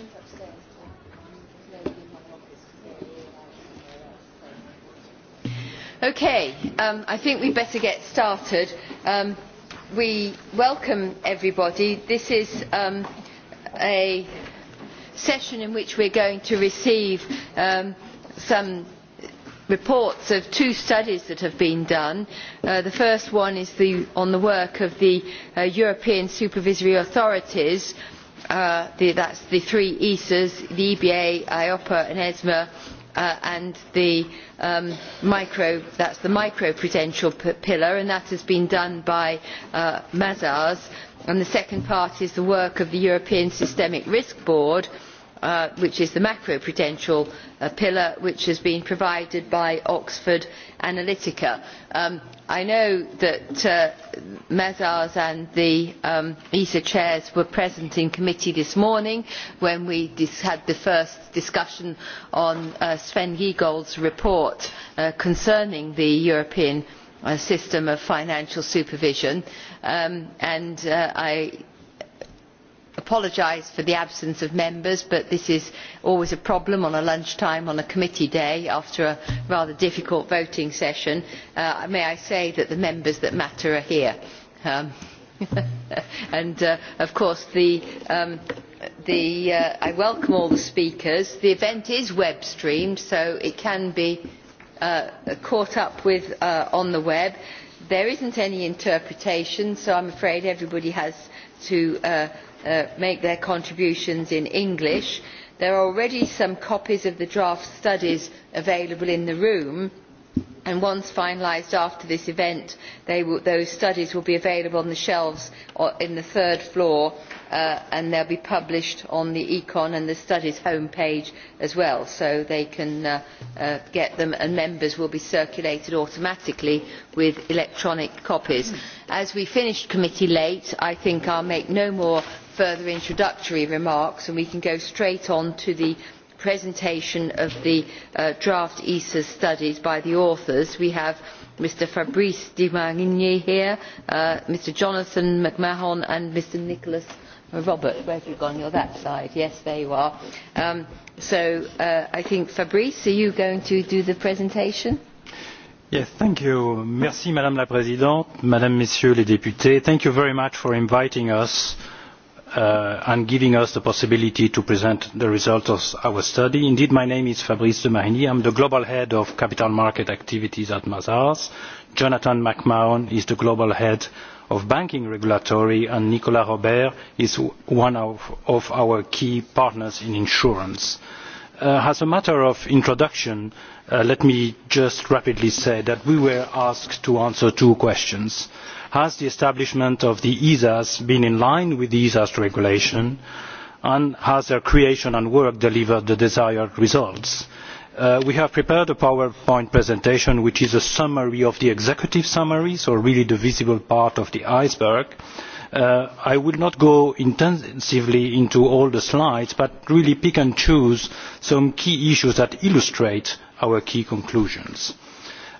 Lynn's upstairs. Okay, um, I think we better get started. Um, we welcome everybody. This is um, a session in which we're going to receive um, some reports of two studies that have been done. Uh, the first one is the, on the work of the uh, European supervisory authorities uh, uh, the, that's the three ESAs, the EBA, IOPA and ESMA, uh, and the um, micro, that's the micro-prudential p- pillar, and that has been done by uh, Mazars. And the second part is the work of the European Systemic Risk Board, uh, Uh, which is the macro prudential uh, pillar which has been provided by oxford analytica. Um, i know that uh, mezars and the um, esa chairs were present in committee this morning when we had the first discussion on uh, sven giegold's report uh, concerning the european uh, system of financial supervision um, and i apologise for the absence of members but this is always a problem at lunchtime on a committee day after a rather difficult voting session. Uh, may i say that the members that matter are here um, and uh, of course the, um, the, uh, i welcome all the speakers. the event is web streamed so it can be uh, caught up with uh, on the web. there is no interpretation so i am afraid everybody has to uh, uh, make their contributions in english. there are already some copies of the draft studies available in the room and once finalised after this event will, those studies will be available on the shelves on uh, the third floor uh, and they'll be published on the econ and the studies homepage as well so they can uh, uh, get them and members will be circulated automatically with electronic copies. as we finished committee late i think i'll make no more further introductory remarks and we can go straight on to the presentation of the uh, draft esa studies by the authors. we have mr fabrice de marigny here uh, mr jonathan mcmahon and mr nicholas Robert, where have you gone? You're that side. Yes, there you are. Um, so uh, I think Fabrice, are you going to do the presentation? Yes, thank you. Merci, Madame la Présidente, Madame, Messieurs les députés. Thank you very much for inviting us uh, and giving us the possibility to present the results of our study. Indeed, my name is Fabrice de Marigny. I'm the Global Head of Capital Market Activities at Mazars. Jonathan McMahon is the Global Head of banking regulatory and nicolas robert is one of, of our key partners in insurance. Uh, as a matter of introduction uh, let me just rapidly say that we were asked to answer two questions has the establishment of the esas been in line with the esas regulation and has their creation and work delivered the desired results? Uh, we have prepared a PowerPoint presentation which is a summary of the executive summary, so really the visible part of the iceberg. Uh, I will not go intensively into all the slides, but really pick and choose some key issues that illustrate our key conclusions.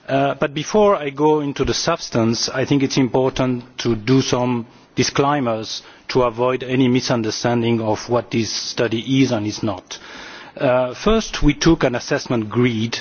Uh, but before I go into the substance, I think it's important to do some disclaimers to avoid any misunderstanding of what this study is and is not. Uh, Uh, first we took an assessment grid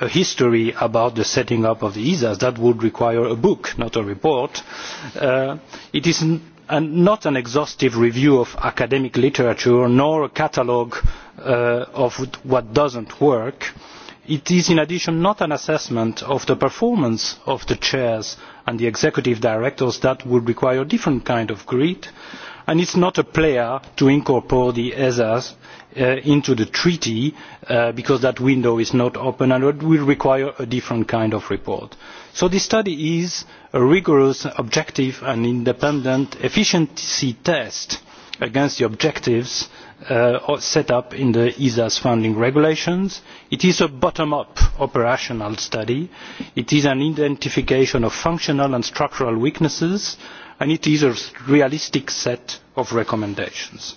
a history about the setting up of the esas that would require a book not a report. Uh, it is an, not an exhaustive review of academic literature nor a catalogue uh, of what does not work. it is in addition not an assessment of the performance of the chairs and the executive directors that would require a different kind of grid and it is not a player to incorporate the esas uh, into the treaty uh, because that window is not open and it will require a different kind of report. So this study is a rigorous, objective and independent efficiency test against the objectives uh, set up in the ESA's funding regulations. It is a bottom-up operational study. It is an identification of functional and structural weaknesses and it is a realistic set of recommendations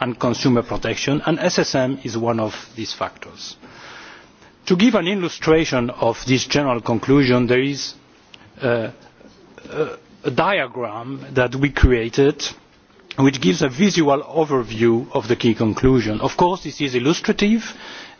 and consumer protection and ssm is one of these factors. to give an illustration of this general conclusion there is uh, a, a diagram that we created which gives a visual overview of the key conclusion. of course this is illustrative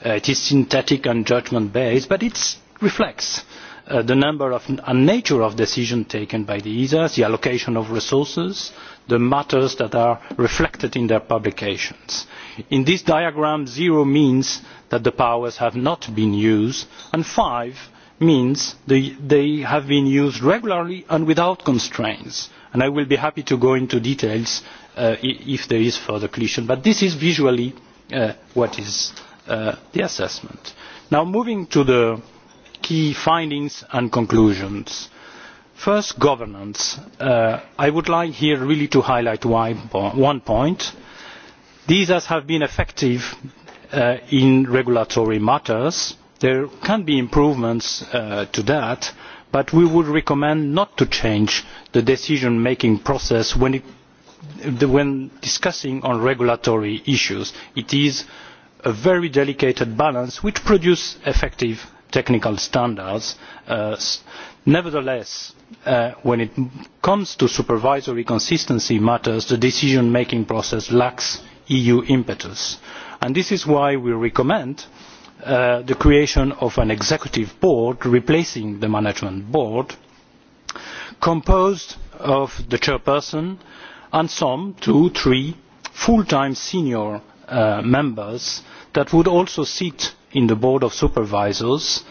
uh, it is synthetic and judgment based but it reflects uh, the number of, and nature of decisions taken by the esas the allocation of resources the matters that are reflected in their publications. in this diagram zero means that the powers have not been used and five means they, they have been used regularly and without constraints. And i will be happy to go into details uh, if there is further collision but this is visually uh, what is uh, the assessment. now moving to the key findings and conclusions first governance uh, i would like here really to highlight one point these have been effective uh, in regulatory matters there can be improvements uh, to that but we would recommend not to change the decision making process when, it, when discussing regulatory issues. it is a very delicate balance which produces effective technical standards. Uh, nevertheless uh, when it comes to supervisory consistency matters the decision making process lacks eu impetus and this is why we recommend uh, the creation of an executive board replacing the management board composed of the chairperson and some two three full time senior uh, members that would also sit in the board of supervisors uh,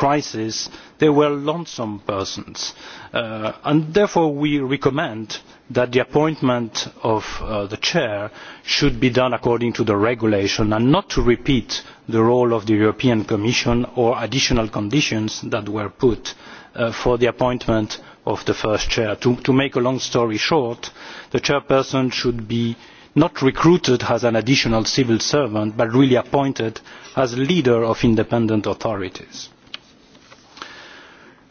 crisis there were lonesome persons uh, and therefore we recommend that the appointment of uh, the chair should be done according to the regulation and not to repeat the role of the european commission or additional conditions that were put uh, for the appointment of the first chair. To, to make a long story short the chairperson should be not recruited as an additional civil servant but really appointed as leader of independent authorities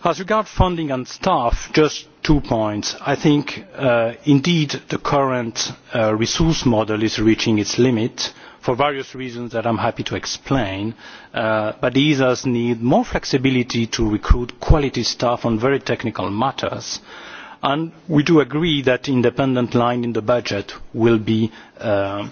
as regards funding and staff just two points. i think uh, indeed the current uh, resource model is reaching its limit for various reasons that i am happy to explain uh, but the esas need more flexibility to recruit quality staff on very technical matters and we do agree that an independent line in the budget will be um,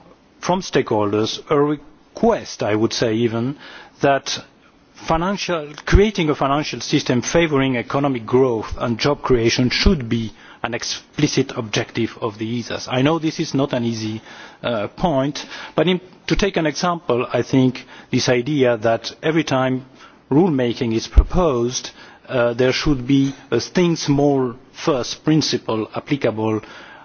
from stakeholders a request i would say even that financial, creating a financial system favouring economic growth and job creation should be an explicit objective of the esas. i know this is not an easy uh, point but in, to take an example i think this idea that every time rule making is proposed uh, there should be a think small first' principle applicable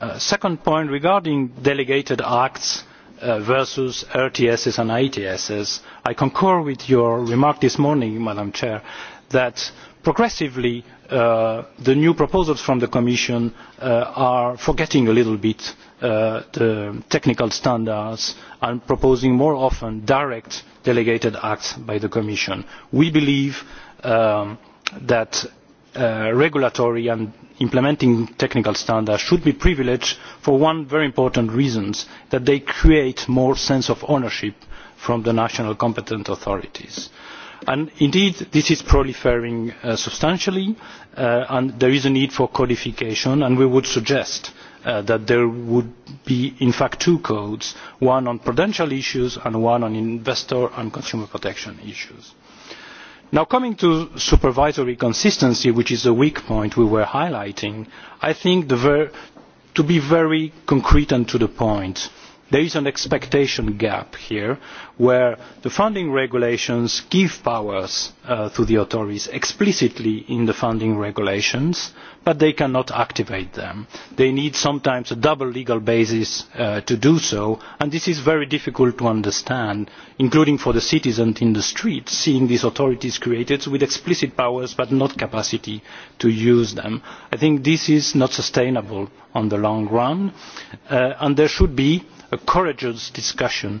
Uh, second point regarding delegated acts uh, versus rtss and itss i concur with your remark this morning madam chair that progressively uh, the new proposals from the commission uh, are forgetting a little bit uh, the technical standards and proposing more often direct delegated acts by the commission. we believe um, that uh, regulatory and implementing technical standards should be privileged for one very important reason that they create more sense of ownership from the national competent authorities. And indeed this is proliferating uh, substantially uh, and there is a need for codification and we would suggest uh, that there would be in fact two codes one on prudential issues and one on investor and consumer protection issues. Now, coming to supervisory consistency, which is a weak point we were highlighting, I think the ver to be very concrete and to the point, there is an expectation gap here where the funding regulations give powers uh, to the authorities explicitly in the funding regulations but they cannot activate them. they need sometimes a double legal basis uh, to do so and this is very difficult to understand including for the citizens in the streets seeing these authorities created with explicit powers but not capacity to use them. i think this is not sustainable in the long run uh, and there should be a courageous discussion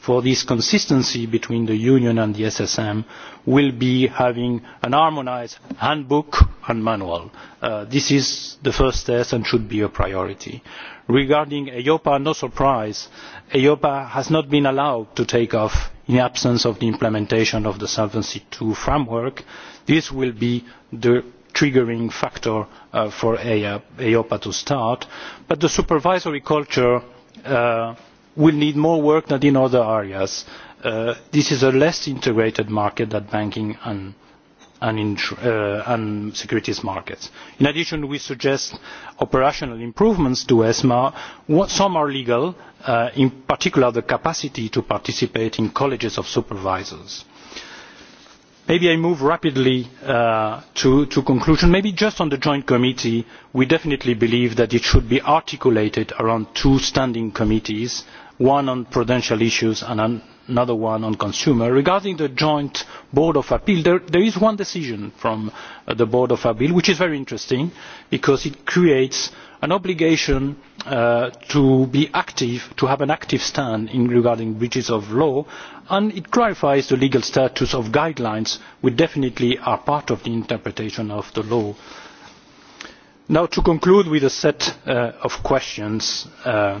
for this consistency between the union and the ssm will be having an harmonised handbook and manual. Uh, this is the first step and should be a priority. regarding eiopa no surprise eiopa has not been allowed to take off in the absence of the implementation of the solvency ii framework. this will be the triggering factor uh, for eiopa to start but the supervisory culture uh, will need more work than in other areas. Uh, this is a less integrated market than banking and, and, uh, and securities markets. In addition, we suggest operational improvements to ESMA. What, some are legal, uh, in particular the capacity to participate in colleges of supervisors. Maybe I move rapidly uh, to, to conclusion. Maybe just on the joint committee, we definitely believe that it should be articulated around two standing committees uh, one on prudential issues and another one on consumer. regarding the joint board of appeal there, there is one decision from uh, the board of appeal which is very interesting because it creates an obligation uh, to be active to have an active stand in regarding breaches of law and it clarifies the legal status of guidelines which definitely are part of the interpretation of the law. Now, to conclude with a set uh, of questions uh,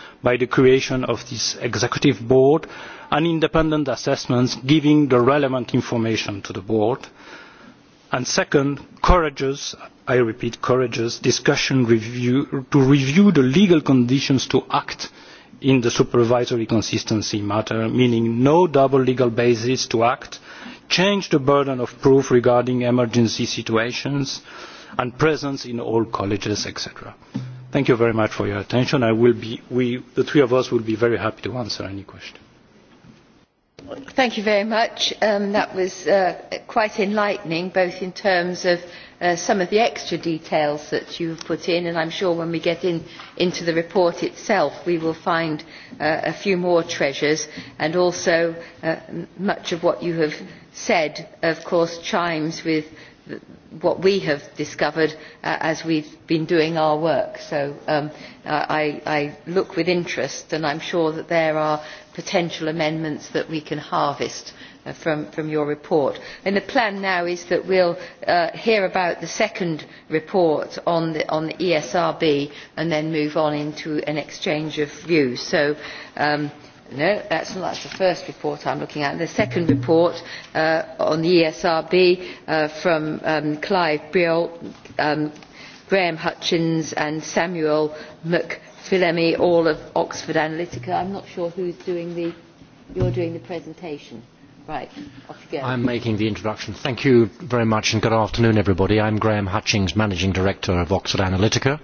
by the creation of this executive board and independent assessments giving the relevant information to the board and second courageous i repeat courageous discussion review, to review the legal conditions to act in the supervisory consistency matter meaning no double legal basis to act change the burden of proof regarding emergency situations and presence in all colleges etc. Thank you very much for your attention. I will be, we, the three of us will be very happy to answer any question. Thank you very much. Um, that was uh, quite enlightening, both in terms of uh, some of the extra details that you have put in, and I'm sure when we get in, into the report itself, we will find uh, a few more treasures, and also uh, much of what you have said, of course, chimes with uh, what we have discovered uh, as we have been doing our work. So um, uh, I, I look with interest and I am sure that there are potential amendments that we can harvest uh, from, from your report. And the plan now is that we will uh, hear about the second report on the, on the ESRB and then move on into an exchange of views. So um, uh, No, that's not. That's the first report I'm looking at. The second report uh, on the ESRB uh, from um, Clive Brill, um, Graham Hutchins and Samuel McPhillemy, all of Oxford Analytica. I'm not sure who's doing the... You're doing the presentation. Right, off you go. I'm making the introduction. Thank you very much and good afternoon, everybody. I'm Graham Hutchings, Managing Director of Oxford Analytica. Uh,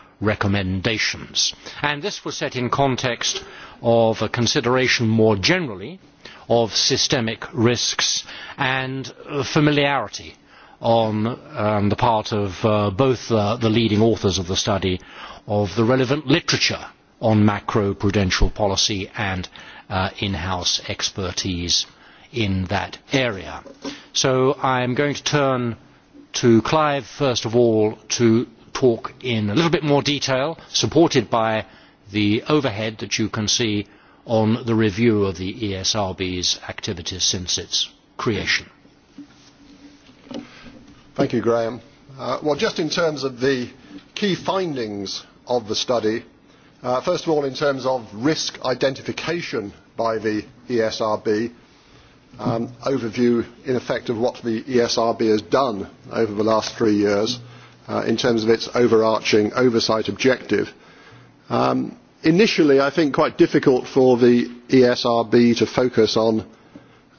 recommendations. And this was set in context of a consideration more generally of systemic risks and familiarity on um, the part of uh, both uh, the leading authors of the study of the relevant literature on macroprudential policy and uh, in-house expertise in that area. So I'm going to turn to Clive first of all to talk in a little bit more detail, supported by the overhead that you can see on the review of the ESRB's activities since its creation. Thank you, Graham. Uh, well, just in terms of the key findings of the study, uh, first of all, in terms of risk identification by the ESRB, um, overview, in effect, of what the ESRB has done over the last three years. Mm-hmm uh, in terms of its overarching oversight objective. Um, initially, I think quite difficult for the ESRB to focus on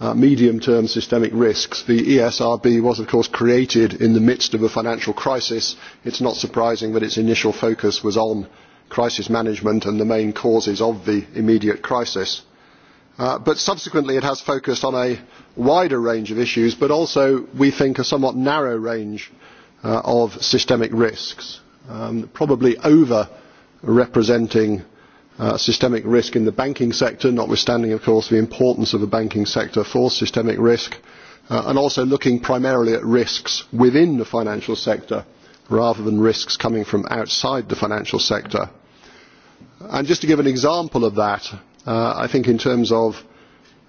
uh, medium-term systemic risks. The ESRB was, of course, created in the midst of a financial crisis. It's not surprising that its initial focus was on crisis management and the main causes of the immediate crisis. Uh, but subsequently it has focused on a wider range of issues, but also, we think, a somewhat narrow range uh, of systemic risks, um, probably over representing uh, systemic risk in the banking sector, notwithstanding, of course, the importance of the banking sector for systemic risk, uh, and also looking primarily at risks within the financial sector rather than risks coming from outside the financial sector. And just to give an example of that, uh, I think in terms of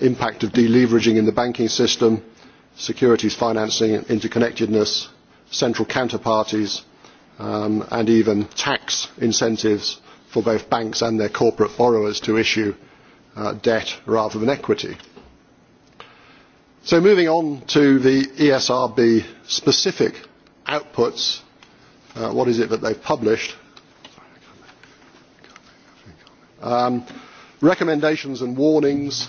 impact of deleveraging in the banking system, securities financing, interconnectedness, central counterparties, um, and even tax incentives for both banks and their corporate borrowers to issue uh, debt rather than equity. So moving on to the ESRB specific outputs, uh, what is it that they've published? Um, recommendations and warnings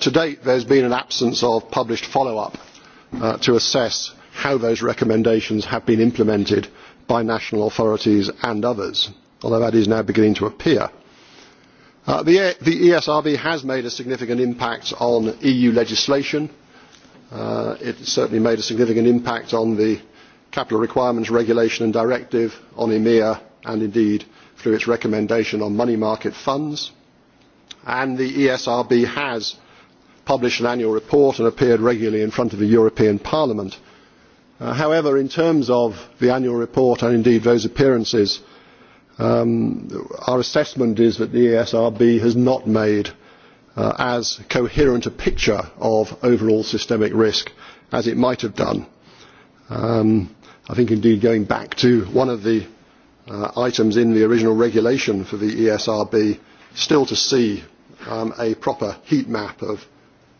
To date, there's been an absence of published follow-up uh, to assess how those recommendations have been implemented by national authorities and others, although that is now beginning to appear. Uh, the, e, the ESRB has made a significant impact on EU legislation. Uh, it certainly made a significant impact on the Capital Requirements Regulation and Directive, on EMIR, e and indeed through its recommendation on money market funds. And the ESRB has uh, published an annual report and appeared regularly in front of the European Parliament. Uh, however, in terms of the annual report and indeed those appearances, um, our assessment is that the ESRB has not made uh, as coherent a picture of overall systemic risk as it might have done. Um, I think indeed going back to one of the uh, items in the original regulation for the ESRB, still to see um, a proper heat map of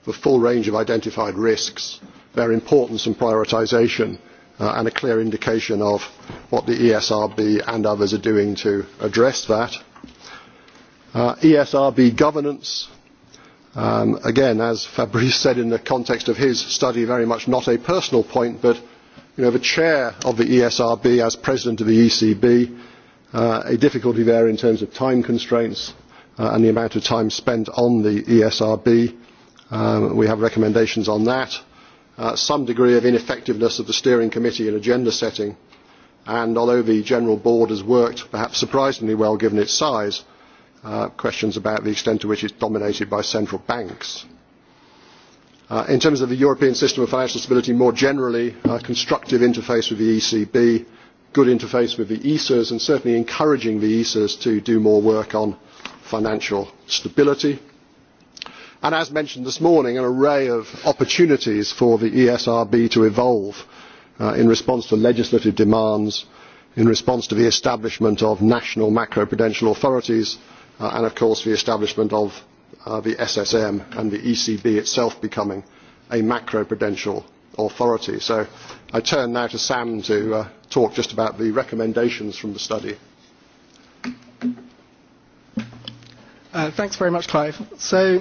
the full range of identified risks, their importance and prioritisation, uh, and a clear indication of what the ESRB and others are doing to address that. Uh, ESRB governance, um, again, as Fabrice said in the context of his study, very much not a personal point, but you know, the chair of the ESRB as president of the ECB, uh, a difficulty there in terms of time constraints uh, and the amount of time spent on the ESRB. Um, we have recommendations on that. Uh, some degree of ineffectiveness of the steering committee in agenda setting. And although the general board has worked, perhaps surprisingly well given its size, uh, questions about the extent to which it's dominated by central banks. Uh, in terms of the European system of financial stability more generally, uh, constructive interface with the ECB, good interface with the ESAs, and certainly encouraging the ESAs to do more work on financial stability. Uh, and as mentioned this morning an array of opportunities for the esrb to evolve uh, in response to legislative demands in response to the establishment of national macroprudential authorities uh, and of course the establishment of uh, the ssm and the ecb itself becoming a macroprudential authority. so i turn now to sam to uh, talk just about the recommendations from the study. Uh, thanks very much, Clive. So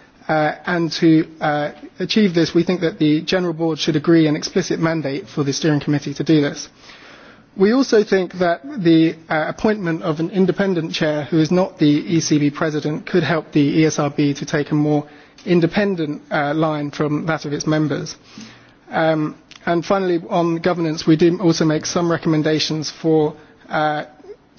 Uh, and to uh, achieve this, we think that the General Board should agree an explicit mandate for the Steering Committee to do this. We also think that the uh, appointment of an independent chair who is not the ECB president could help the ESRB to take a more independent uh, line from that of its members. Um, and finally, on governance, we do also make some recommendations for uh,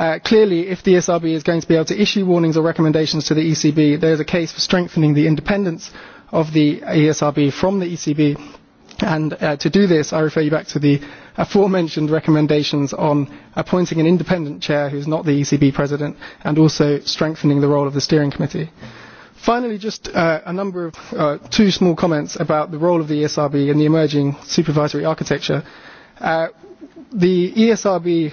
Uh, clearly, if the ESRB is going to be able to issue warnings or recommendations to the ECB, there is a case for strengthening the independence of the ESRB from the ECB. And uh, to do this, I refer you back to the aforementioned recommendations on appointing an independent chair who is not the ECB president and also strengthening the role of the steering committee. Finally, just uh, a number of uh, two small comments about the role of the ESRB in the emerging supervisory architecture. Uh, the ESRB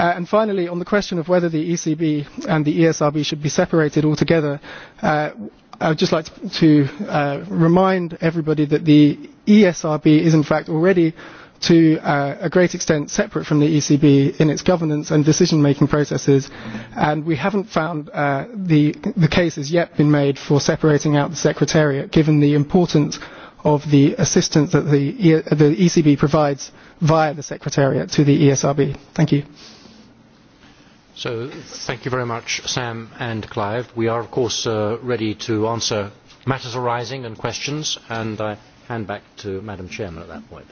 Uh, and finally, on the question of whether the ECB and the ESRB should be separated altogether, uh, I would just like to, to uh, remind everybody that the ESRB is in fact already to uh, a great extent separate from the ECB in its governance and decision-making processes, and we haven't found uh, the, the case has yet been made for separating out the Secretariat, given the importance of the assistance that the, e the ECB provides via the Secretariat to the ESRB. Thank you. So thank you very much, Sam and Clive. We are, of course, uh, ready to answer matters arising and questions, and I hand back to Madam Chairman at that point.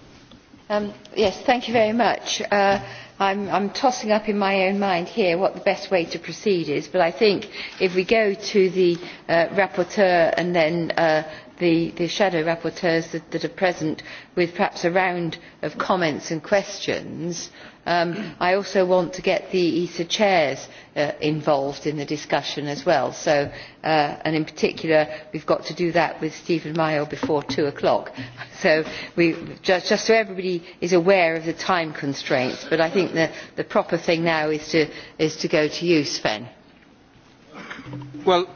Um, yes, thank you very much. Uh, I'm, I'm tossing up in my own mind here what the best way to proceed is, but I think if we go to the uh, rapporteur and then uh, the, the shadow rapporteurs that, that are present with perhaps a round of comments and questions, uh, Um, I also want to get the ESA chairs uh, involved in the discussion as well. So, uh, and in particular, we've got to do that with Stephen Mayo before two o'clock. So we, just, just so everybody is aware of the time constraints, but I think the, the proper thing now is to, is to go to you, Sven. Well,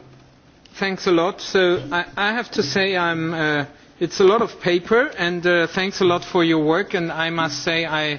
thanks a lot. So I, I have to say I'm, uh, it's a lot of paper, and uh, thanks a lot for your work, and I must say I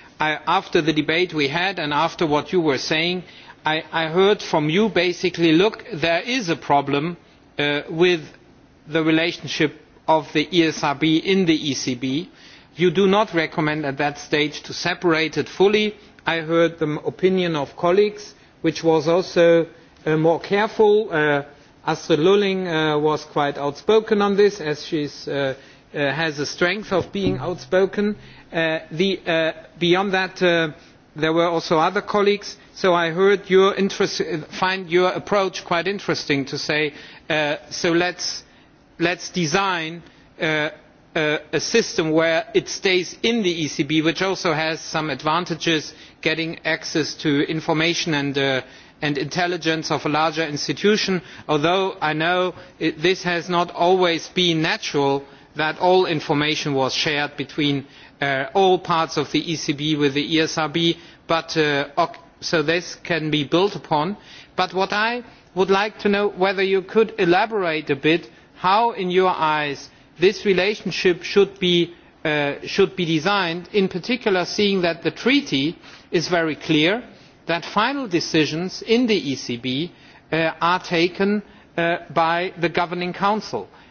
I, after the debate we had and after what you were saying i, I heard from you basically look there is a problem uh, with the relationship of the esrb in the ecb you do not recommend at that stage to separate it fully i heard the opinion of colleagues which was also uh, more careful uh, astrid lulling uh, was quite outspoken on this as she is uh, uh, has the strength of being outspoken. Uh, the, uh, beyond that, uh, there were also other colleagues, so I heard your interest, find your approach quite interesting to say, uh, so let's, let's design uh, uh, a system where it stays in the ECB, which also has some advantages, getting access to information and uh, and intelligence of a larger institution although i know it, this has not always been natural that all information was shared between uh, all parts of the ECB with the ESRB, but, uh, so this can be built upon. But what I would like to know whether you could elaborate a bit how, in your eyes, this relationship should be, uh, should be designed, in particular seeing that the treaty is very clear that final decisions in the ECB uh, are taken uh, by the governing council. Uh,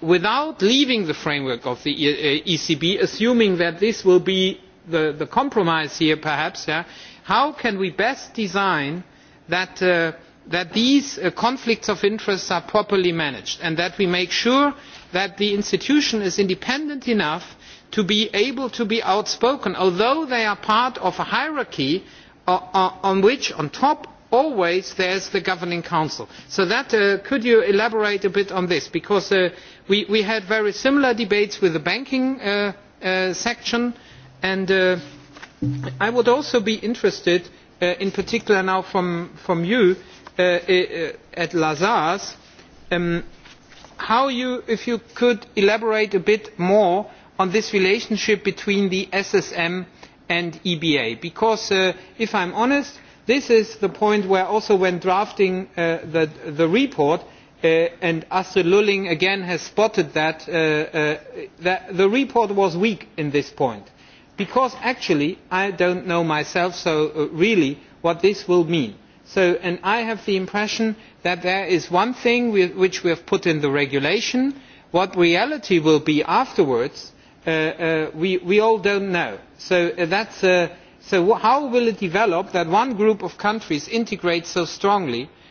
without leaving the framework of the ecb uh, e assuming that this will be the, the compromise here perhaps yeah, how can we best design that, uh, that these uh, conflicts of interest are properly managed and that we make sure that the institution is independent enough to be able to be outspoken although they are part of a hierarchy uh, uh on which on top always there is the governing council. so that, uh, could you elaborate a bit on this because we, we had very similar debates with the banking uh, uh, section and uh, i would also be interested uh, in particular now from, from you uh, uh, at lazars um, you, if you could elaborate a bit more on this relationship between the ssm and eba because if i am honest this is the point where also when drafting the, the report uh, and astrid lulling again has spotted that, uh, uh, that the report was weak at this point because actually i do not know myself so uh, really what this will mean. So, and i have the impression that there is one thing we, which we have put in the regulation what reality will be afterwards uh, uh, we, we all do not know. so, so how will it develop that one group of countries integrates so strongly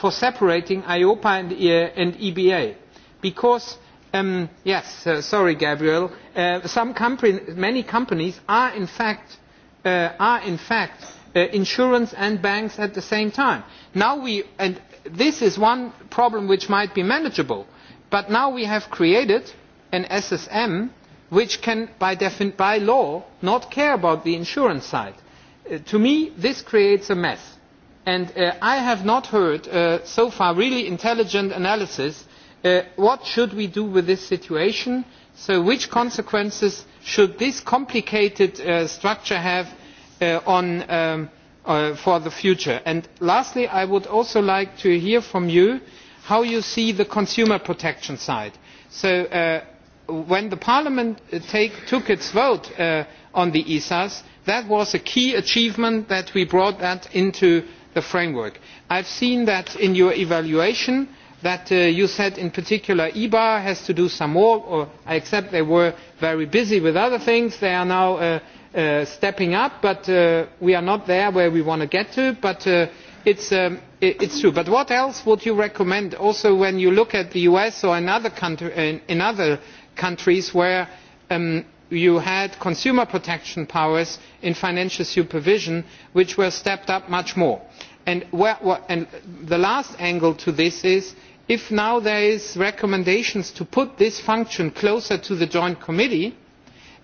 for separating EIOPA and, e and EBA. Because, um, yes, uh, sorry, Gabriel, uh, some company, many companies are in fact, uh, are in fact uh, insurance and banks at the same time. Now we, and this is one problem which might be manageable, but now we have created an SSM which can, by, by law, not care about the insurance side. Uh, to me, this creates a mess and uh, i have not heard uh, so far really intelligent analysis uh, what should we do with this situation so which consequences should this complicated uh, structure have uh, on, um, uh, for the future? And lastly i would also like to hear from you how you see the consumer protection side. so uh, when parliament uh, take, took its vote uh, on the esas that was a key achievement that we brought that into the framework. i have seen that in your evaluation that uh, you said in particular eba has to do some more or i accept they were very busy with other things they are now uh, uh, stepping up but uh, we are not there where we want to get to but uh, it's, um, it is true. but what else would you recommend also when you look at the us or in other, country, in, in other countries where um, you had consumer protection powers in financial supervision which were stepped up much more? And the last angle to this is if now there are recommendations to put this function closer to the joint committee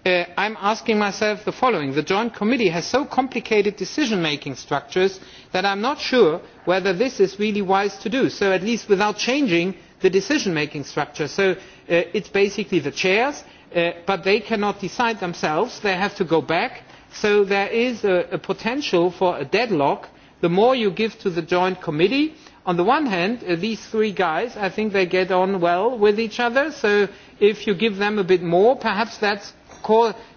uh, i am asking myself the following the joint committee has so complicated decision making structures that i am not sure whether this is really wise to do so at least without changing the decision making structure. so uh, it is basically the chairs uh, but they cannot decide themselves they have to go back so there is a potential for a deadlock the more you give to the joint committee on the one hand uh, these three guys i think they get on well with each other so if you give them a bit more perhaps that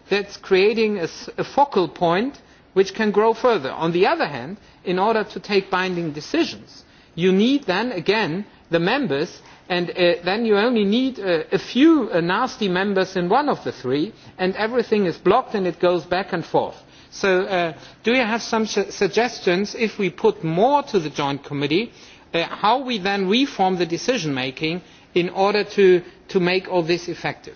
is creating a focal point which can grow further. on the other hand in order to take binding decisions you need then again the members and uh, then you only need uh, a few nasty members in one of the three and everything is blocked and it goes back and forth so uh, do you have some suggestions if we put more to the joint committee uh, how we then reform the decision making in order to, to make all this effective?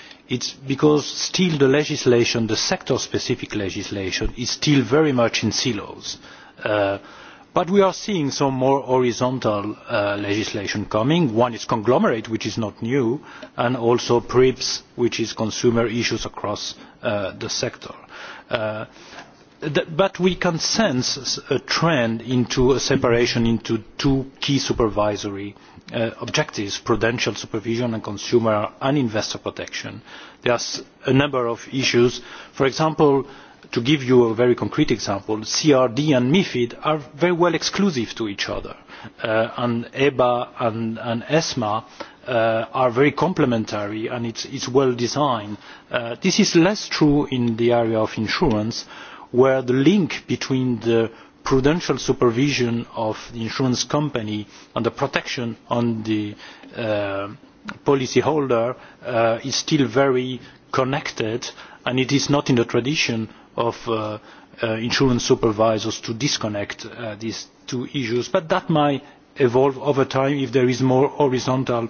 it is because still the legislation the sector specific legislation is still very much in silos uh, but we are seeing some more horizontal uh, legislation coming one is conglomerate which is not new and also prips which is consumer issues across uh, the sector. Uh, but we can sense a trend into a separation into two key supervisory uh, objectives prudential supervision and consumer and investor protection. there are a number of issues for example to give you a very concrete example crd and mifid are very well exclusive to each other uh, and eba and, and esma uh, are very complementary and it is well designed. Uh, this is less true in the area of insurance where where the link between the prudential supervision of the insurance company and the protection on the uh, policyholder uh, is still very connected and it is not in the tradition of uh, uh, insurance supervisors to disconnect uh, these two issues. But that might evolve over time if there is more horizontal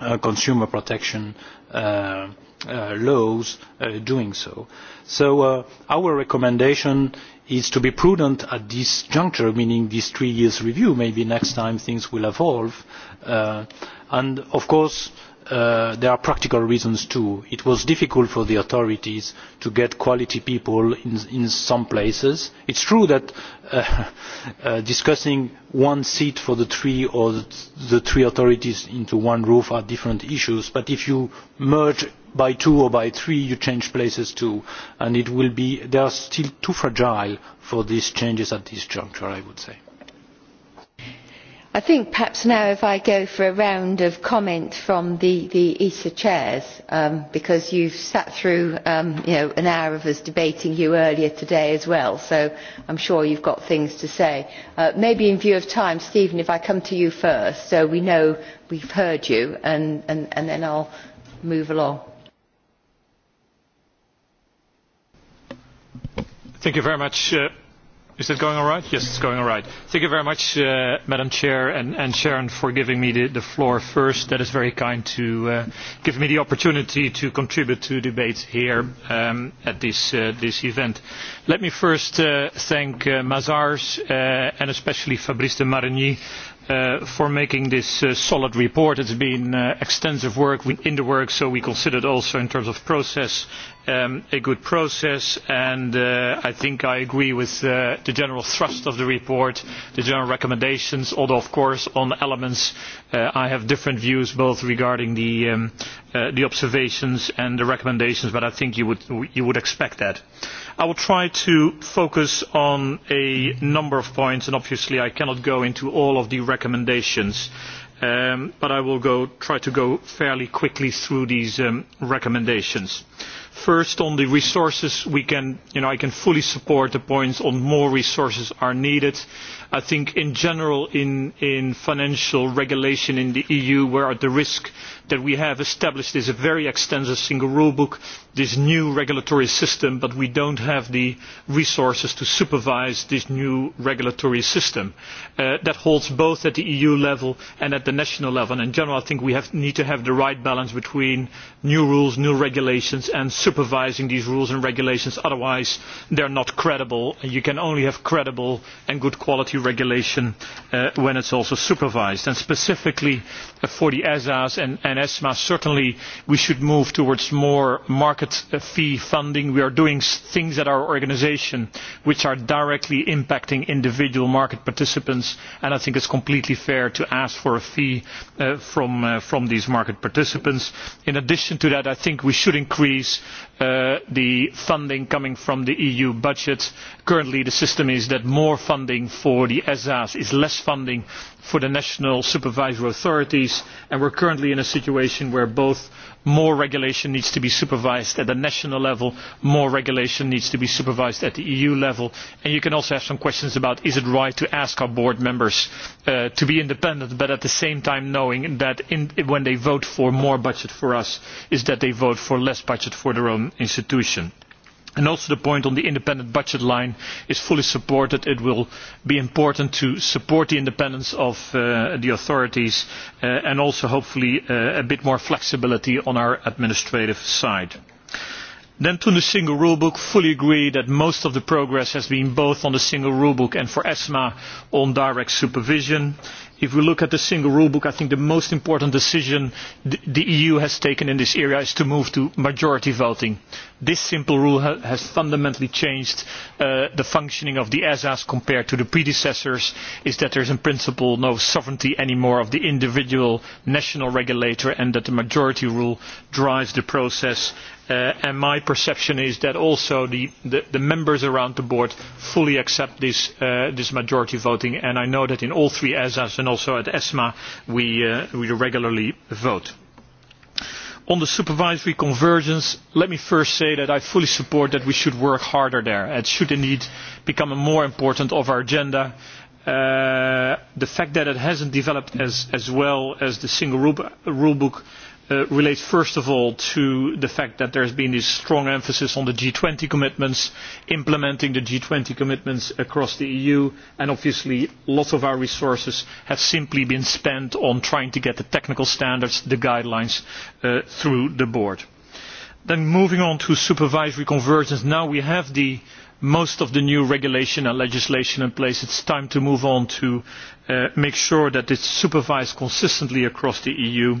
uh, consumer protection uh, uh, laws uh, doing so. So uh, our recommendation is to be prudent at this juncture, meaning this three years review. Maybe next time things will evolve. Uh, and of course, uh, there are practical reasons too. It was difficult for the authorities to get quality people in, in some places. It's true that uh, uh, discussing one seat for the three or the three authorities into one roof are different issues, but if you merge by two or by three you change places too and it will be they are still too fragile for these changes at this juncture i would say i think perhaps now if i go for a round of comment from the, the ESA chairs, um, because you've sat through um, you know, an hour of us debating you earlier today as well, so I'm sure you've got things to say. Uh, maybe in view of time, Stephen, if I come to you first, so we know we've heard you, and, and, and then I'll move along. Thank you very much. Uh, is it going all right? Yes, it's going all right. Thank you very much, uh, Madam Chair and, and Sharon, for giving me the, the floor first. That is very kind to uh, give me the opportunity to contribute to debate here um, at this, uh, this event. Let me first uh, thank uh, Mazars uh, and especially Fabrice de Marigny uh, for making this uh, solid report. It's been uh, extensive work in the work, so we considered also in terms of process um, a good process. And uh, I think I agree with uh, the general thrust of the report, the general recommendations, although of course on elements uh, I have different views both regarding the, um, uh, the observations and the recommendations, but I think you would, you would expect that. Uh, i will try to focus on a number of points and obviously i cannot go into all of the recommendations um, but i will go, try to go fairly quickly through these um, recommendations. firstly First, on the resources, we can, you know, I can fully support the points on more resources are needed. I think in general in, in financial regulation in the EU, we're at the risk that we have established is a very extensive single rule book, this new regulatory system, but we don't have the resources to supervise this new regulatory system. Uh, that holds both at the EU level and at the national level. And in general, I think we have, need to have the right balance between new rules, new regulations, and supervising these rules and regulations otherwise they are not credible and you can only have credible and good quality regulation uh, when it is also supervised. And specifically uh, for the esas and, and esma certainly we should move towards more market uh, fee funding. we are doing things at our organisation which are directly impacting individual market participants and i think it is completely fair to ask for a fee uh, from, uh, from these market participants. in addition to that i think we should increase uh, the funding coming from the eu budget currently the system is that more funding for the esas is less funding for the national supervisory authorities and we are currently in a situation where both more regulation needs to be supervised at the national level more regulation needs to be supervised at the eu level and you can also have some questions about is it right to ask our board members uh, to be independent but at the same time knowing that in, when they vote for more budget for us is that they vote for less budget for their own institution. And also the point on the independent budget line is fully supported. It will be important to support the independence of uh, the authorities uh, and also hopefully uh, a bit more flexibility on our administrative side. Then to the single rulebook, fully agree that most of the progress has been both on the single rulebook and for ESMA on direct supervision if we look at the single rulebook, I think the most important decision the EU has taken in this area is to move to majority voting this simple rule ha has fundamentally changed uh, the functioning of the ESAs compared to the predecessors, is that there is in principle no sovereignty anymore of the individual national regulator and that the majority rule drives the process. Uh, and my perception is that also the, the, the members around the board fully accept this, uh, this majority voting, and I know that in all three ESAs and also at ESMA we, uh, we regularly vote on the supervisory convergence let me first say that i fully support that we should work harder there. it should indeed become more important on our agenda. Uh, the fact that it has not developed as, as well as the single rule book uh, relates first of all to the fact that there has been this strong emphasis on the G20 commitments, implementing the G20 commitments across the EU, and obviously lots of our resources have simply been spent on trying to get the technical standards, the guidelines, uh, through the board. Then moving on to supervisory convergence, now we have the most of the new regulation and legislation in place, it's time to move on to uh, make sure that it's supervised consistently across the EU. Uh,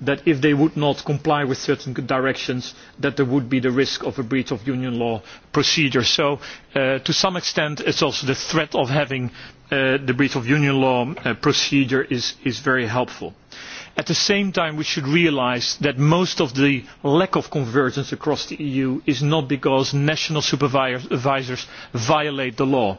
that if they would not comply with certain directions that there would be the risk of a breach of union law procedure. So uh, to some extent it's also the threat of having uh, the breach of union law uh, procedure is, is very helpful. At the same time, we should realize that most of the lack of convergence across the EU is not because national supervisors violate the law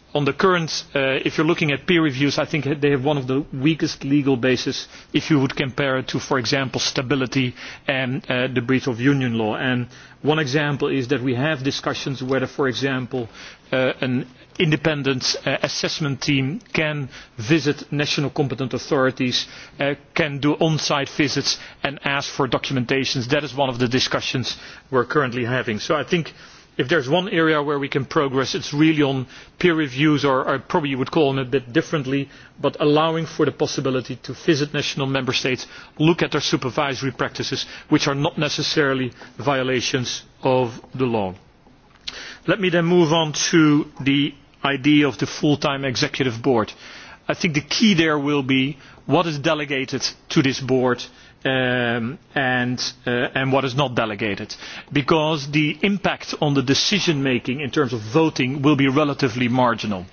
on the current uh, if you're looking at peer reviews i think they have one of the weakest legal bases if you would compare it to for example stability and uh, the breach of union law and one example is that we have discussions whether for example uh, an independent uh, assessment team can visit national competent authorities uh, can do on site visits and ask for documentation. that is one of the discussions we are currently having. so i think uh, if there is one area where we can progress it is really on peer reviews or i probably would call them a bit differently but allowing for the possibility to visit national member states look at their supervisory practices which are not necessarily violations of the law. let me then move on to the idea of the full time executive board i think the key there will be what is delegated to this board um, and, uh, and what is not delegated because the impact on the decision making in terms of voting will be relatively marginal.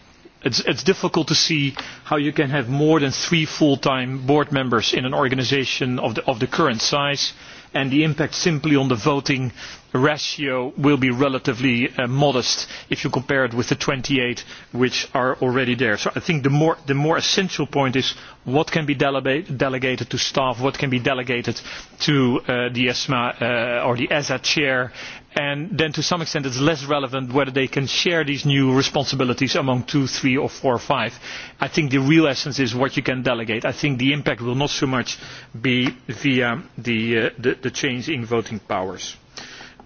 It's, it's difficult to see how you can have more than three full-time board members in an organization of the, of the current size and the impact simply on the voting ratio will be relatively uh, modest if you compare it with the 28 which are already there. So I think the more, the more essential point is what can be delegate, delegated to staff, what can be delegated to uh, the ESMA uh, or the ESA chair, and then to some extent it's less relevant whether they can share these new responsibilities among two, three or four or five. I think the real essence is what you can delegate. I think the impact will not so much be via the, uh, the, the change in voting powers.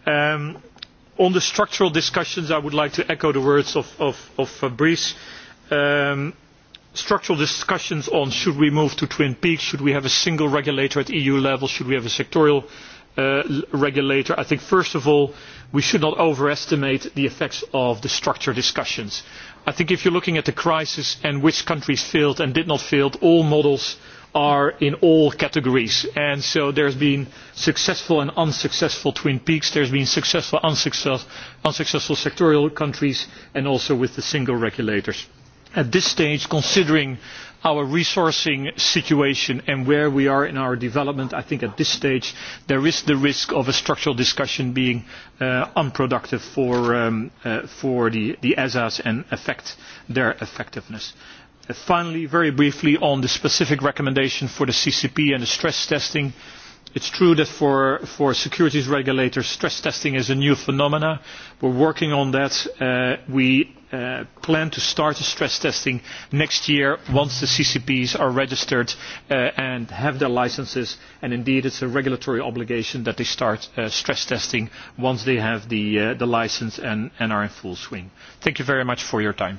Um, on the structural discussions, I would like to echo the words of, of, of Fabrice. Um, structural discussions on should we move to Twin Peaks, should we have a single regulator at EU level, should we have a sectorial uh, regulator. I think, first of all, we should not overestimate the effects of the structure discussions. I think if you're looking at the crisis and which countries failed and did not fail, all models are in all categories. And so there's been successful and unsuccessful Twin Peaks, there's been successful, unsuccess, unsuccessful sectorial countries, and also with the single regulators. At this stage, considering our resourcing situation and where we are in our development, I think at this stage there is the risk of a structural discussion being uh, unproductive for, um, uh, for the, the ESAs and affect their effectiveness. Uh, finally very briefly on the specific recommendation for the ccp and the stress testing it is true that for, for securities regulators stress testing is a new phenomenon. we are working on that. Uh, we uh, plan to start stress testing next year once the ccps are registered uh, and have their licences and indeed it is a regulatory obligation that they start uh, stress testing once they have the, uh, the licence and, and are in full swing. thank you very much for your time.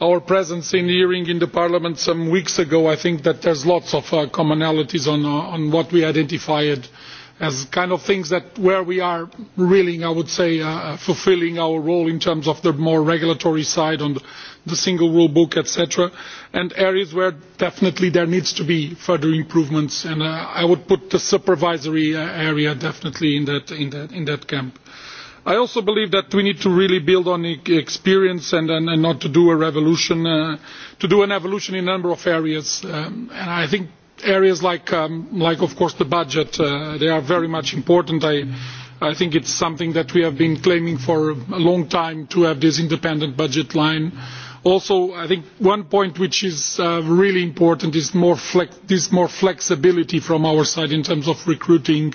our presence in the hearing in the parliament some weeks ago i think that there are lots of uh, commonalities on, uh, on what we identified as kind of things that where we are really i would say uh, uh fulfilling our role in terms of the more regulatory side on the single rule book etc and areas where definitely there needs to be further improvements and uh, i would put the supervisory uh, area definitely in that in that in that camp uh, i also believe that we need to really build on experience and, and, and not to do, uh, to do an evolution in a number of areas um, and i think areas like, um, like of course the budget uh, are very much important. i, I think it is something that we have been claiming for a long time to have this independent budget line also i think one point which is uh, really important is more this more flexibility from our side in terms of recruiting.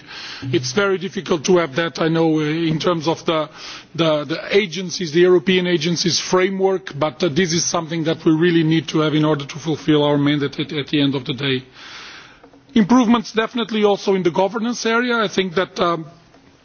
it is very difficult to have that i know uh, in terms of the, the, the agencies the european agencies framework but uh, this is something that we really need to have in order to fulfil our mandate at, at the end of the day. improvements definitely also in the governance area. i think that um,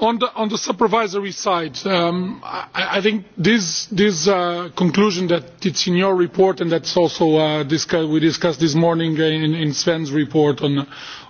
On the, on the supervisory side um, I, i think this, this uh, conclusion that is in your report and that is also uh, discuss, we discussed this morning in, in sven's report on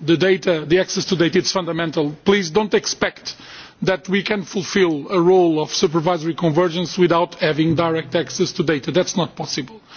the data the access to data is fundamental. please do not expect that we can fulfil a role of supervisory convergence without having direct access to data that is not possible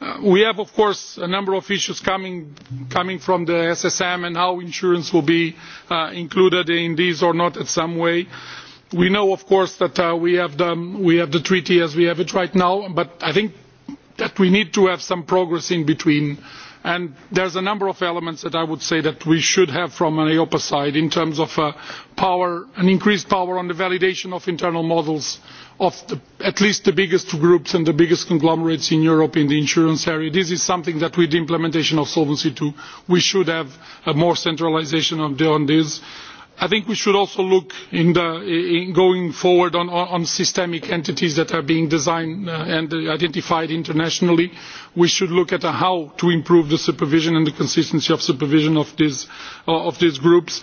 Uh, we have of course a number of issues coming, coming from the ssm and how insurance will be uh, included in these or not in some way. we know of course that uh, we, have the, we have the treaty as we have it right now but i think that we need to have some progress in between uh, and there are a number of elements that i would say that we should have from an eiopa side in terms of uh, power and increased power on the validation of internal models of the, at least the biggest groups and the biggest conglomerates in europe in the insurance area. this is something that with the implementation of solvency ii we should have more centralisation on this i think we should also look in the, in going forward on, on systemic entities that are being designed uh, and identified internationally. we should look at how to improve the supervision and the consistency of supervision of these, uh, of these groups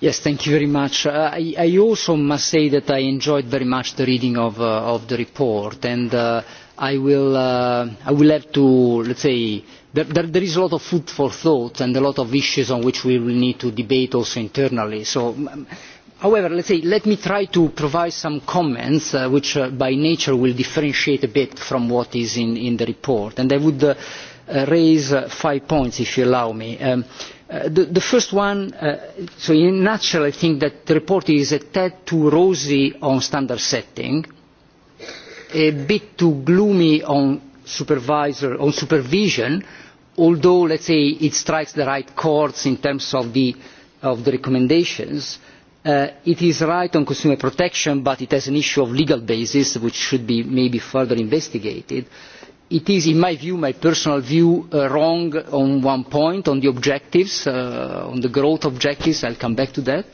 Yes, thank you very much. Uh, I, I also must say that I enjoyed very much the reading of, uh, of the report, and uh, I, will, uh, I will have to, let's say, there, there, there is a lot of food for thought and a lot of issues on which we will need to debate also internally. So, um, however, let's say, let me try to provide some comments uh, which uh, by nature will differentiate a bit from what is in, in the report. And I would uh, uh, raise uh, five points, if you allow me. Um, uh, Uh, the, the first one, uh, so in a nutshell, I think that the report is a tad too rosy on standard setting, a bit too gloomy on supervisor, on supervision, although, let's say, it strikes the right chords in terms of the, of the recommendations. Uh, it is right on consumer protection, but it has an issue of legal basis, which should be maybe further investigated. Uh, it is in my view my personal view uh, wrong on one point on the objectives uh, on the growth objectives i will come back to that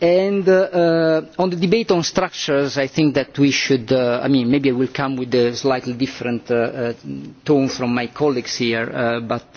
and uh, uh, on the debate on structures i think that we should uh, i mean maybe i will come with a slightly different uh, tone from my colleagues here but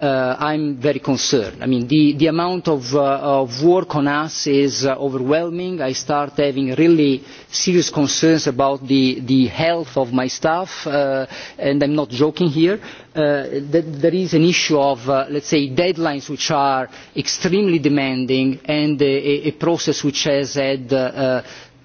uh, I'm very concerned. I mean, the, the amount of, uh, of work on us is uh, overwhelming. I start having really serious concerns about the, the health of my staff, uh, and I'm not joking here. Uh, th there is an issue of, uh, let's say, deadlines which are extremely demanding and a, a process which has had uh, uh,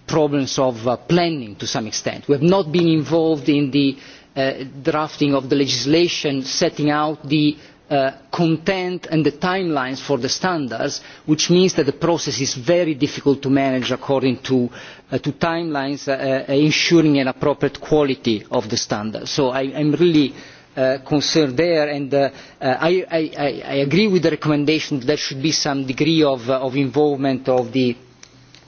problems of uh, planning to some extent. We have not been involved in the uh, drafting of the legislation setting out the uh, uh, content and the timelines for the standards, which means that the process is very difficult to manage according to, uh, to timelines, uh, uh, ensuring an appropriate quality of the standards. So I, I'm really uh, concerned there, and uh, uh I, I, I agree with the recommendation that there should be some degree of, uh, of involvement of the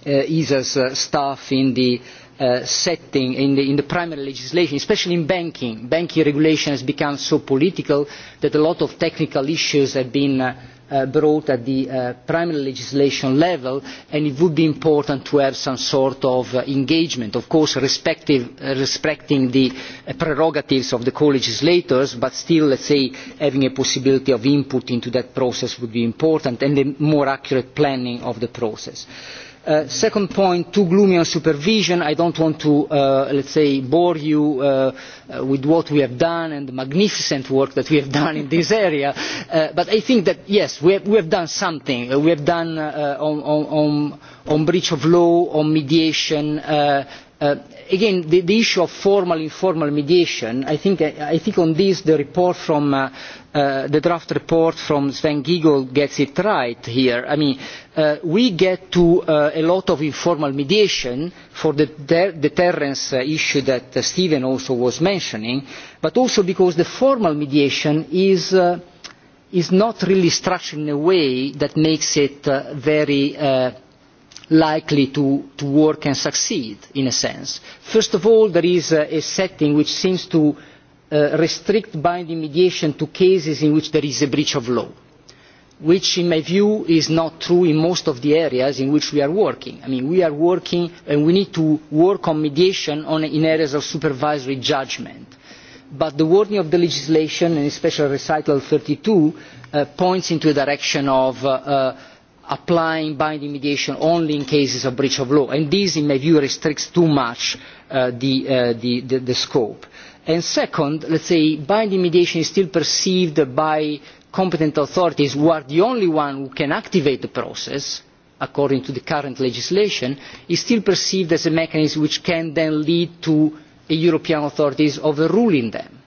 uh, ESA's uh, staff in the uh, uh, setting in the, in the primary legislation especially in banking banking regulation has become so political that a lot of technical issues have been uh, uh, brought at the uh, primary legislation level and it would be important to have some sort of uh, engagement, of course respective, uh, respecting the uh, prerogatives of the co-legislators but still let's say having a possibility of input into that process would be important and a more accurate planning of the process. Uh, Uh, second point too gloomy on supervision i do not want to uh, let us say bore you uh, uh, with what we have done and the magnificent work that we have done in this area. Uh, but I think that, yes, we have, we have done something. Uh, we have done uh, on, on, on breach of law, on mediation. Uh, uh, again, the, the issue of formal-informal mediation, I think, I, I think on this the report from uh, Uh, the draft report from sven giegold gets it right here. I mean, uh, we get to uh, a lot of informal mediation for the deterrence uh, issue that uh, stephen also mentioned mentioning but also because the formal mediation is, uh, is not really structured in a way that makes it uh, very uh, likely to, to work and succeed in a sense. First of all, there is a, uh, a setting which seems to uh, restrict binding mediation to cases in which there is a breach of law which in my view is not true in most of the areas in which we are working. I mean, we are working and we need to work on mediation on, in areas of supervisory judgment. But the wording of the legislation, and especially recital 32, uh, points into the direction of uh, uh, applying binding mediation only in cases of breach of law. And this, in my view, restricts too much uh, the, uh, the, the, the scope. And second, let's say binding mediation is still perceived by competent authorities who are the only ones who can activate the process according to the current legislation is still perceived as a mechanism which can then lead to the european authorities overruling them.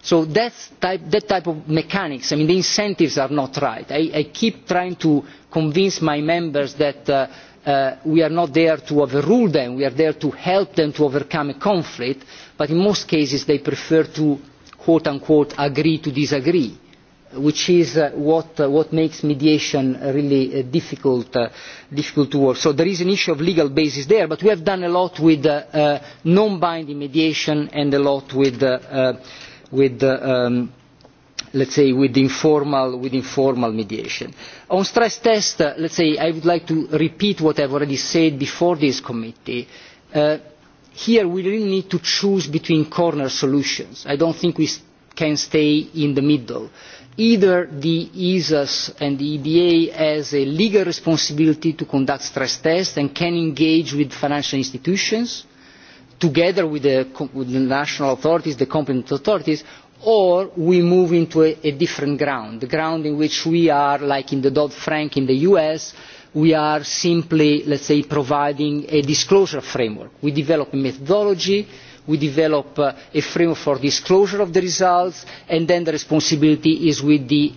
so type, that type of mechanics I mean, the incentives are not right. I, i keep trying to convince my members that uh, uh, we are not there to overrule them we are there to help them to overcome a conflict but in most cases they prefer to quote unquote agree to disagree' which is uh, what, uh, what makes mediation really uh, difficult, uh, difficult to work. So there is an issue of legal basis there, but we have done a lot with uh, uh, non-binding mediation and a lot with, uh, uh, with uh, um, let's say, with informal, with informal mediation. On stress test, uh, let's say, I would like to repeat what I've already said before this committee. Uh, here we really need to choose between corner solutions. I don't think we can stay in the middle. Uh, either the esas and the eba has a legal responsibility to conduct stress tests and can engage with financial institutions together with the, with the national authorities the competent authorities or we move into a, a different ground the ground in which we are like in the dodd frank in the us we are simply let's say providing a disclosure framework we develop a methodology we develop uh, a framework for disclosure of the results and then the responsibility is with the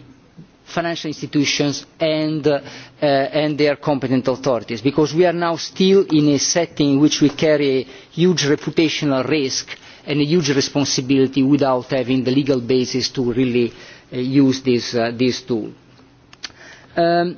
financial institutions and, uh, uh, and their competent authorities because we are now still in a setting in which we carry a huge reputational risk and a huge responsibility without having the legal basis to really uh, use this, uh, this tool. Um,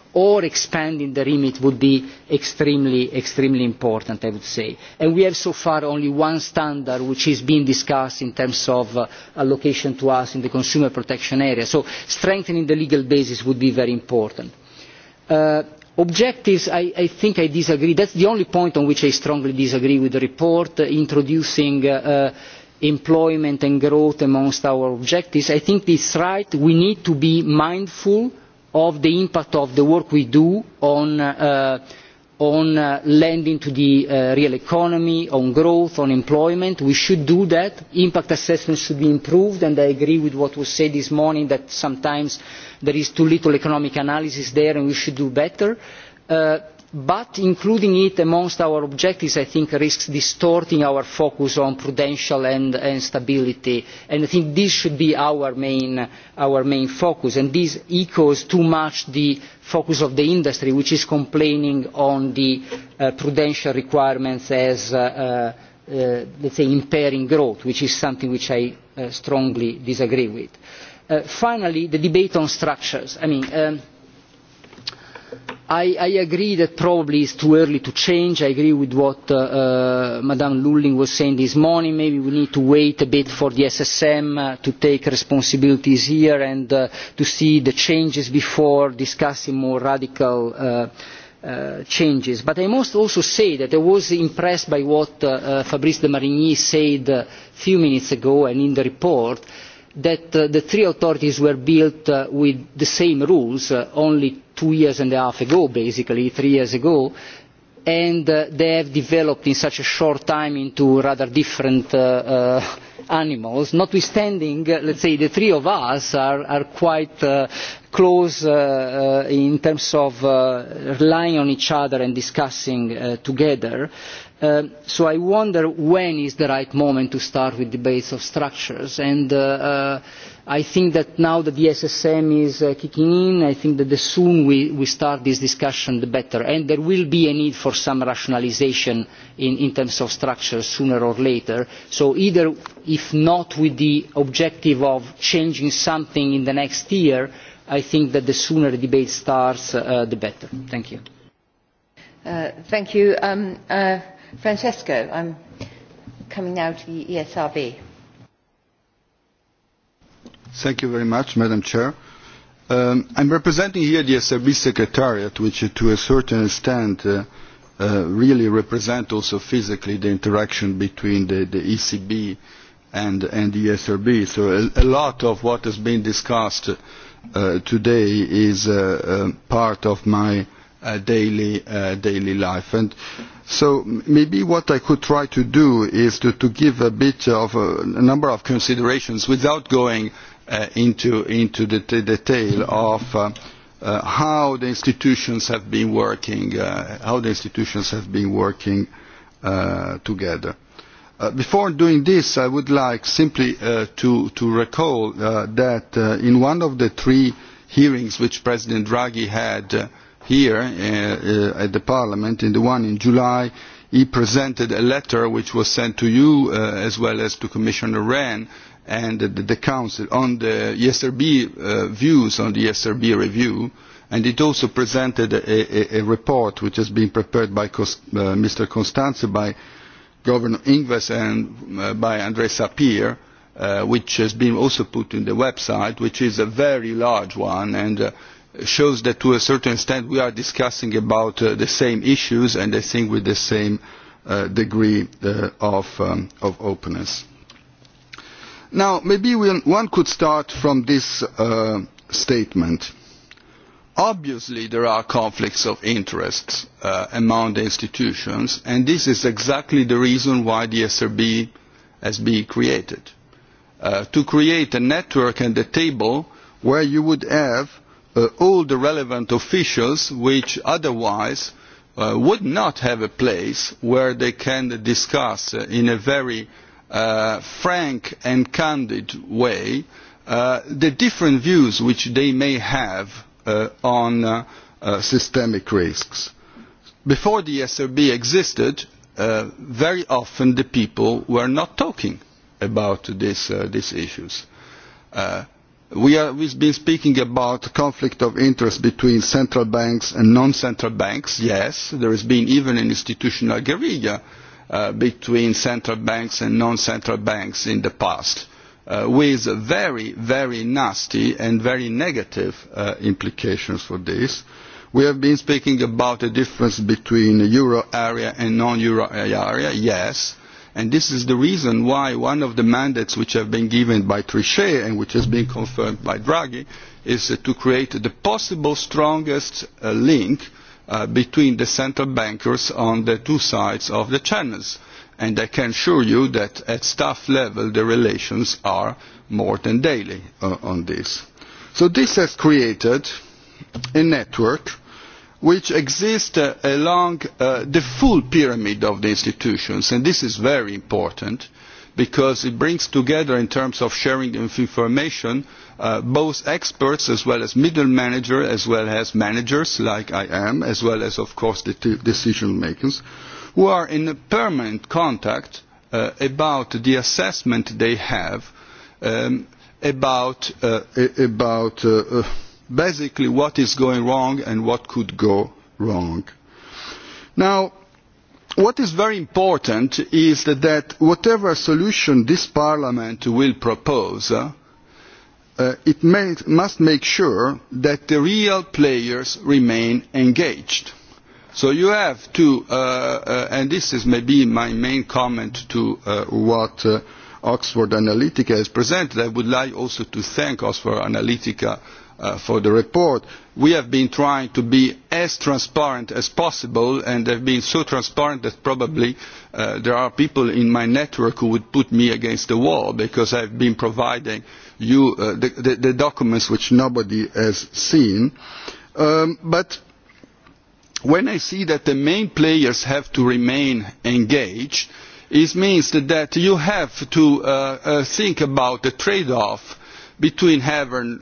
or expanding the remit would be extremely, extremely important, I would say. And we have so far only one standard which is being discussed in terms of uh, allocation to us in the consumer protection area. So strengthening the legal basis would be very important. Uh, objectives, I, I think I disagree. That's the only point on which I strongly disagree with the report, uh, introducing uh, uh, employment and growth amongst our objectives. I think it's right. We need to be mindful of the impact of the work we do on, uh, on uh, lending to the uh, real economy, on growth, on employment. We should do that. Impact assessments should be improved, and I agree with what was said this morning that sometimes there is too little economic analysis there and we should do better. Uh, but including it amongst our objectives i think risks distorting our focus on prudential and, and stability and i think this should be our main, our main focus and this echoes too much the focus of the industry which is complaining on the uh, prudential requirements as uh, uh, uh let's say impairing growth which is something which i uh, strongly disagree with. Uh, finally the debate on structures. I mean, um, I, i agree that probably it is too early to change i agree with what uh, uh, ms lulling was saying this morning maybe we need to wait a bit for the ssm uh, to take responsibilities here and uh, to see the changes before discussing more radical uh, uh, changes. but i must also say that i was impressed by what fabrice de marigny said a few minutes ago and in the report that that uh, the three authorities were built uh, with the same rules uh, only two years and a half ago, basically, three years ago, and uh, they have developed in such a short time into rather different uh, uh, animals. Notwithstanding, uh, let's say the three of us are, are quite uh, close uh, uh, in terms of uh, relying on each other and discussing uh, together. Uh, Uh, so i wonder when is the right moment to start with debates on structures and uh, uh, i think that now that the ssm is uh, kicking in i think that the sooner we, we start this discussion the better and there will be a need for some rationalisation in, in terms of structures sooner or later so either if not with the objective of changing something in the next year i think that the sooner the debate starts uh, the better. thank you. Uh, thank you. Um, Francesco, I'm coming now to the ESRB. Thank you very much, Madam Chair. Um, I'm representing here the SRB Secretariat, which to a certain extent uh, uh, really represent also physically the interaction between the, the ECB and, and the e SRB. So a, a lot of what has been discussed uh, today is uh, uh, part of my uh, uh, daily, uh, daily life. And so maybe what I could try to do is to, to give a bit of a, a number of considerations without going uh, into, into the t detail of uh, uh, how the institutions have been working, uh, how the institutions have been working uh, together. Uh, before doing this, I would like simply uh, to, to recall uh, that uh, in one of the three hearings which President Draghi had uh, here uh, uh, at the Parliament, in the one in July, he presented a letter which was sent to you uh, as well as to Commissioner Rehn and the, the Council on the ESRB uh, views on the ESRB review. And it also presented a, a, a report which has been prepared by Cost, uh, Mr. Constanze, by Governor Ingves and uh, by Andrei Sapir, uh, which has been also put in the website, which is a very large one. And uh, shows that to a certain extent we are discussing about uh, the same issues and I think with the same uh, degree uh, of, um, of openness. Now, maybe we'll, one could start from this uh, statement. Obviously, there are conflicts of interest uh, among the institutions, and this is exactly the reason why the SRB has been created. Uh, to create a network and a table where you would have uh, all the relevant officials which otherwise uh, would not have a place where they can discuss uh, in a very uh, frank and candid way uh, the different views which they may have uh, on uh, uh, systemic risks. Before the SRB existed, uh, very often the people were not talking about this, uh, these issues. Uh, we have been speaking about conflict of interest between central banks and non-central banks. Yes, there has been even an institutional guerrilla uh, between central banks and non-central banks in the past, uh, with very, very nasty and very negative uh, implications for this. We have been speaking about the difference between euro area and non-euro area. Yes, And this is the reason why one of the mandates which have been given by Trichet and which has been confirmed by Draghi is uh, to create the possible strongest uh, link uh, between the central bankers on the two sides of the channels. And I can assure you that at staff level the relations are more than daily uh, on this. So this has created a network uh, which exist uh, along uh, the full pyramid of the institutions and this is very important because it brings together in terms of sharing of information uh, both experts as well as middle managers as well as managers like I am as well as of course the decision makers who are in a permanent contact uh, about the assessment they have um, about, uh, about uh, uh, basically what is going wrong and what could go wrong. Now, what is very important is that, that whatever solution this Parliament will propose, uh, uh, it may, must make sure that the real players remain engaged. So you have to, uh, uh, and this is maybe my main comment to uh, what uh, Oxford Analytica has presented. I would like also to thank Oxford Analytica uh, uh, for the report. We have been trying to be as transparent as possible and have been so transparent that probably uh, there are people in my network who would put me against the wall because I've been providing you uh, the, the, the documents which nobody has seen. Um, but when I see that the main players have to remain engaged, it means that you have to uh, uh, think about the trade-off between having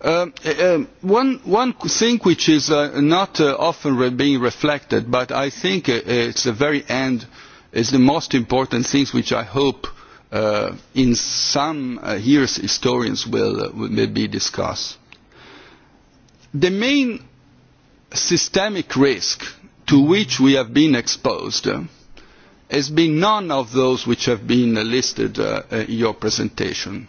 Um, uh, uh, one, one thing which is uh, not uh, often re being reflected, but I think uh, it's the very end, is the most important things which I hope uh, in some uh, years historians will, uh, will maybe discuss. The main systemic risk to which we have been exposed uh, has been none of those which have been listed uh, in your presentation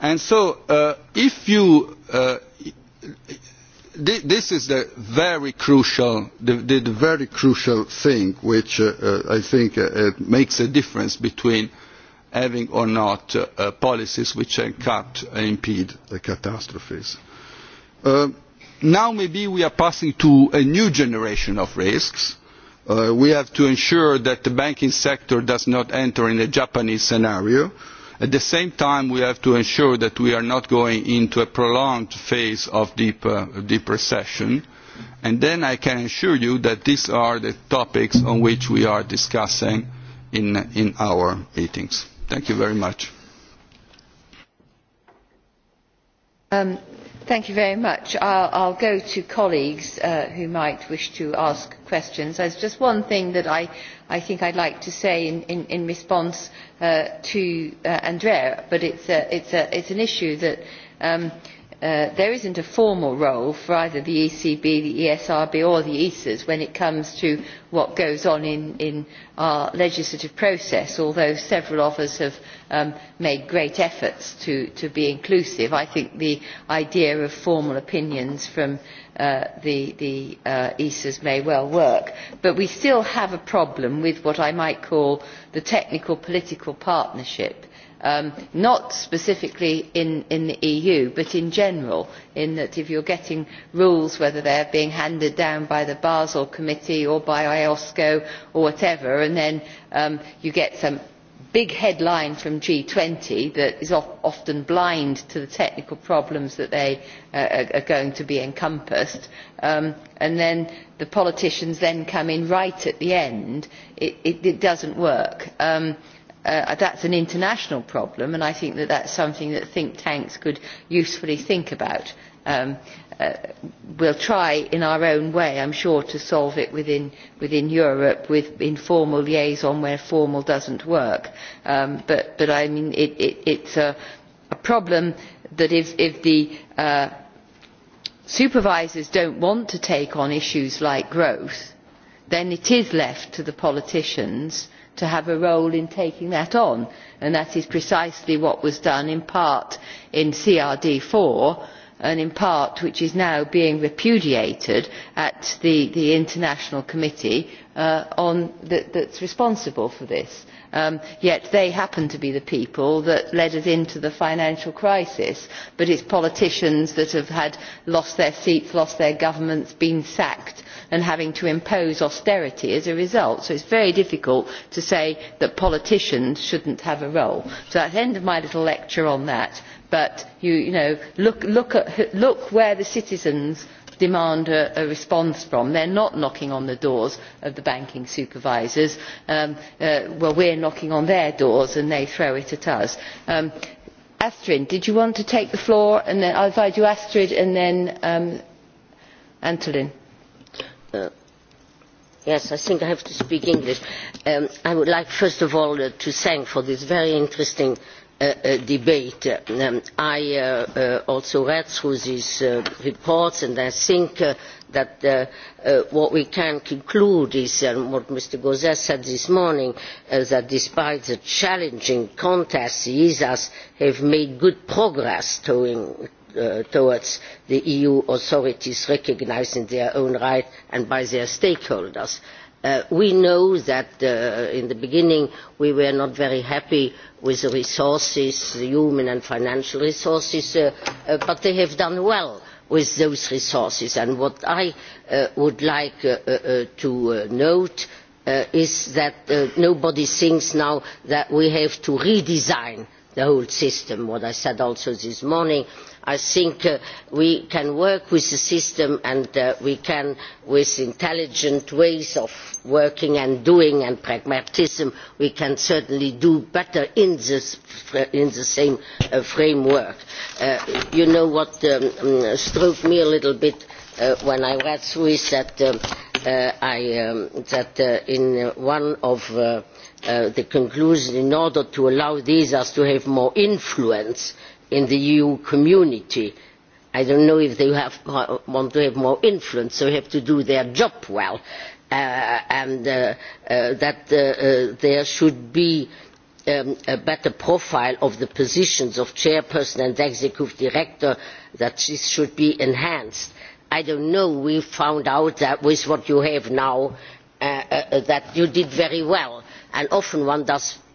And so uh, if you, uh, th this is the very crucial, the, the, the very crucial thing which uh, uh, I think uh, uh, makes a difference between having or not uh, uh, policies which can cut and uh, impede the catastrophes. Uh, now maybe we are passing to a new generation of risks. Uh, we have to ensure that the banking sector does not enter in a Japanese scenario. Uh, at the same time we have to ensure that we are not going into a prolonged phase of deep, uh, deep recession and then i can assure you that these are the topics on which we are discussing in, in our meetings. thank you very much. Um, thank you very much. I'll, I'll go to colleagues uh, who might wish to ask questions. There's just one thing that I I think I'd like to say in, in, in response uh, to uh, Andrea, but it's, a, it's, a, it's an issue that um, Uh, there is not a formal role for either the ecb the esrb or the esas when it comes to what goes on in, in our legislative process although several of us have um, made great efforts to, to be inclusive. i think the idea of formal opinions from uh, the, the uh, esas may well work but we still have a problem with what i might call the technical political partnership um, not specifically in, in the eu but in general in that if you are getting rules whether they are being handed down by the basel committee or by iosco or whatever and then um, you get some big headline from g twenty that is often blind to the technical problems that they uh, are going to be encompassed um, and then the politicians then come in right at the end it, it, it does not work. Um, uh, that's an international problem, and I think that that's something that think tanks could usefully think about. Um, uh, we'll try in our own way, I'm sure, to solve it within, within Europe with informal liaison where formal doesn't work. Um, but, but I mean, it, it, it's a, a problem that if, if the uh, supervisors do not want to take on issues like growth then it is left to the politicians to have a role in taking that on and that is precisely what was done in part in crd iv and in part which is now being repudiated at the, the international committee uh, on, that is responsible for this. Um, yet they happen to be the people that led us into the financial crisis but it is politicians that have had, lost their seats lost their governments been sacked and having to impose austerity as a result so it is very difficult to say that politicians should not have a role. so that is the end of my little lecture on that but you know, look, look, at, look where the citizens demand a, a response from. They're not knocking on the doors of the banking supervisors. Um, uh, well, we're knocking on their doors and they throw it at us. Um, Astrid, did you want to take the floor? And then I'll invite you, Astrid, and then um, Antolin. Uh, yes, I think I have to speak English. Um, I would like first of all uh, to thank for this very interesting uh, uh, debate. Um, I uh, uh, also read through these uh, reports and I think uh, that uh, uh, what we can conclude is, and um, what Mr. Gauzet said this morning, uh, that despite the challenging contest, the ESAs have made good progress towing, uh, towards the eu authorities recognised in their own right and by their stakeholders. Uh, we know that uh, in the beginning we were not very happy with the resources, the human and financial resources, uh, uh, but they have done well with those resources. And what I uh, would like uh, uh, uh to uh, note uh, is that uh, nobody thinks now that we have to redesign the whole system, what I said also this morning. Uh, i think uh, we can work with the system and uh, we can with intelligent ways of working and doing and pragmatism we can certainly do better in, this, in the same uh, framework. you know what um, um, struck me a little bit when i read through is that, um, I, um, that in one of Uh, the conclusion in order to allow these us to have more influence in the EU community. I don't know if they have, uh, want to have more influence, so have to do their job well. Uh, and uh, uh, that uh, uh, there should be um, a better profile of the positions of chairperson and executive director, that this should be enhanced. I don't know, we found out that with what you have now, uh, uh, that you did very well. And often one does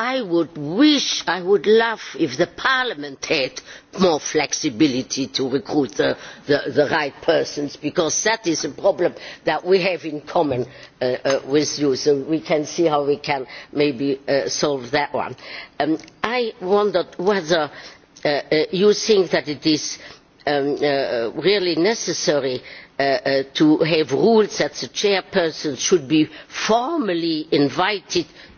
I would wish, I would love if the Parliament had more flexibility to recruit the, the, the right persons, because that is a problem that we have in common uh, uh, with you. So we can see how we can maybe uh, solve that one. Um, I wondered whether uh, uh, you think that it is um, uh, really necessary Uh, uh, to have rules that the chairperson should be formally invited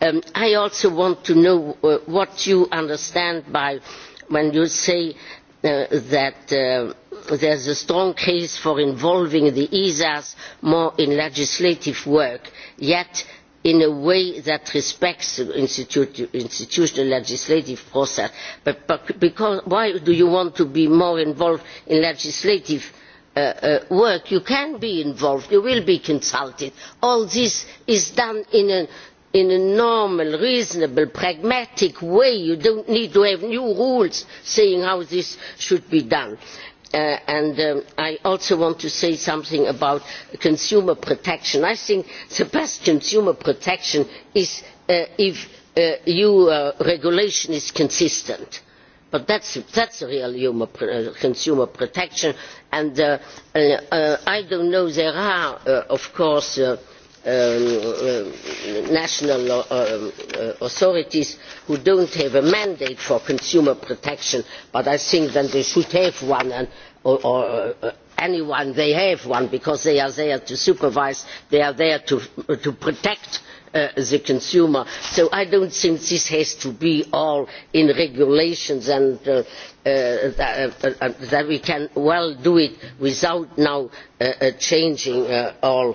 Um, i also want to know uh, what you understand by when you say uh, that uh, there is a strong case for involving the esas more in legislative work yet in a way that respects the institu institutional legislative process. But, but because, why do you want to be more involved in legislative Uh, uh, work you can be involved you will be consulted all this is done in a in a normal reasonable pragmatic way you do not need to have new rules saying how this should be done. Uh, and, um, i also want to say something about consumer protection. i think the best consumer protection is uh, if uh, your uh, regulation is consistent but that is real pr uh, consumer protection and uh, i do not know there are of course Um, uh, national uh, uh, authorities who do not have a mandate for consumer protection but i think then they should have one and, or, or uh, anyone they have one because they are there to supervise they are there to, to protect Uh, the consumer. so i do not think this has to be all in regulations and uh, uh, that we can well do it without now changing all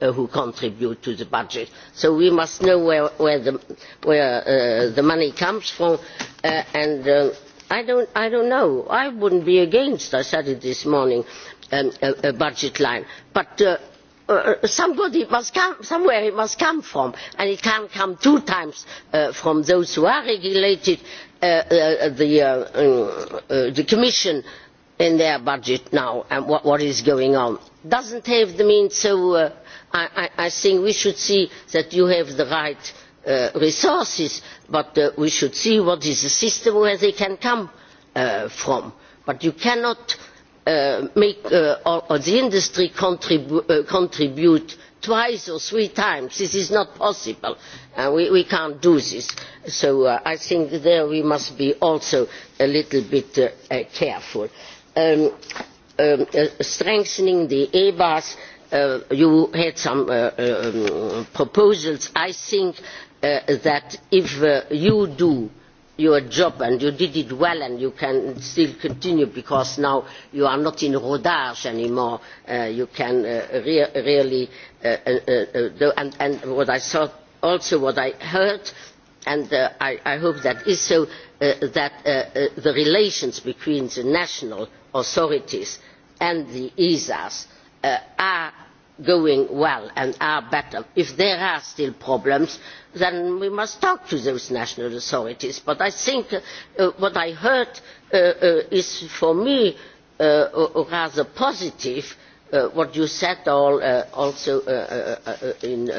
uh, who contribute to the budget. So we must know where, where, the, where uh, the money comes from uh, and uh, I, don't, I don't know. I wouldn't be against, I said it this morning, um, a, a budget line. But uh, Uh, somebody must come somewhere it must come from and it can't come two times uh, from those who are regulated uh, uh the, uh, um, uh, the commission in their budget now and what, what is going on doesn't have the means so I, I, I think we should see that you have the right uh, resources, but uh, we should see what is the system where they can come uh, from. But you cannot uh, make uh, or, or the industry contribu uh, contribute twice or three times. This is not possible. Uh, we, we can't do this. So uh, I think there we must be also a little bit uh, uh, careful. Um, um, uh, strengthening the EBAs uh, you had some uh, um, proposals. I think uh, that if uh, you do your job and you did it well and you can still continue because now you are not in rodage anymore. Uh, you can uh, re really uh, uh, uh, do, and, and what I saw also what I heard and uh, I, I hope that is so uh, that uh, uh, the relations between the national authorities and the ESAs uh, are going well and are better if there are still problems then we must talk to those national authorities but i think uh, uh what i heard uh, uh, is for me uh, uh, rather positive what you said all also in,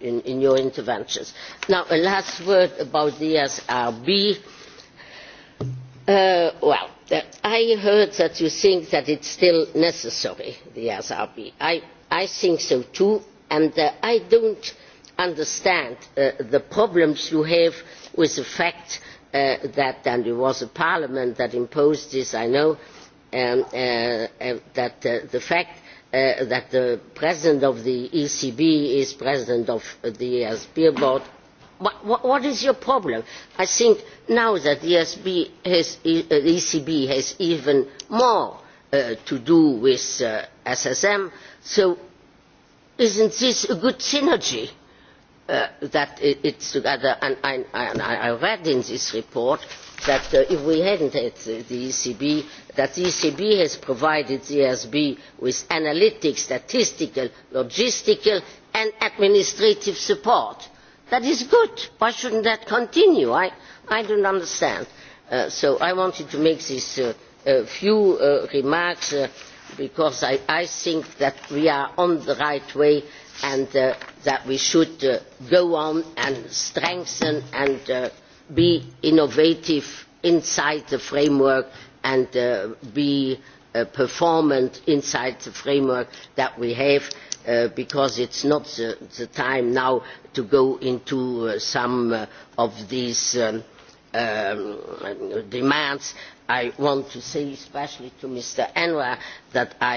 in, in your interventions. now a last word about the esrb. well i heard that you think that it is still necessary the esrb. I, i think so too and uh, i do not understand uh, the problems you have with the fact uh, that and it was parliament that imposed this i know um, that the fact that the president of the ecb is president of the esb board what, what is your problem? I think now that the ESB has, the ECB has even more uh, to do with uh, SSM. So isn't this a good synergy? Uh, that it, it's together, and I, and I read in this report that uh, if we hadn't had the, the ECB, that the ECB has provided the ESB with analytic, statistical, logistical and administrative support. That is good. Why shouldn't that continue? I, I don't understand. Uh, so I wanted to make this uh, a few uh, remarks uh, because I, I think that we are on the right way and uh, that we should uh, go on and strengthen and uh, be innovative inside the framework and uh, be uh, performant inside the framework that we have uh, because it's not the, the time now to go into uh, some uh, of these um, um, demands i want to say especially to mr anwar that i,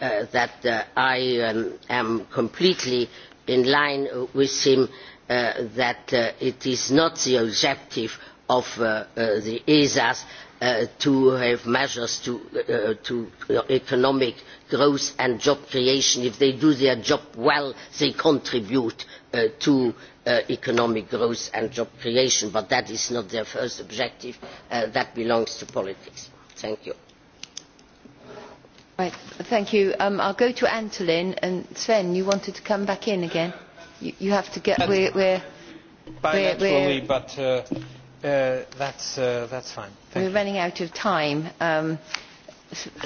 uh, that, uh, I um, am completely in line with him uh, that uh, it is not the objective of uh, uh, the esas uh, to have measures to, uh, to economic growth and job creation. If they do their job well, they contribute uh, to uh, economic growth and job creation, but that is not their first objective. Uh, that belongs to politics. Thank you. Right, thank you. Um, I'll go to Antolin and Sven. You wanted to come back in again. You, you have to get. Um, we're, we're, bilaterally, we're, but uh, uh, that's uh, that's fine. Thank we're you. running out of time. Um,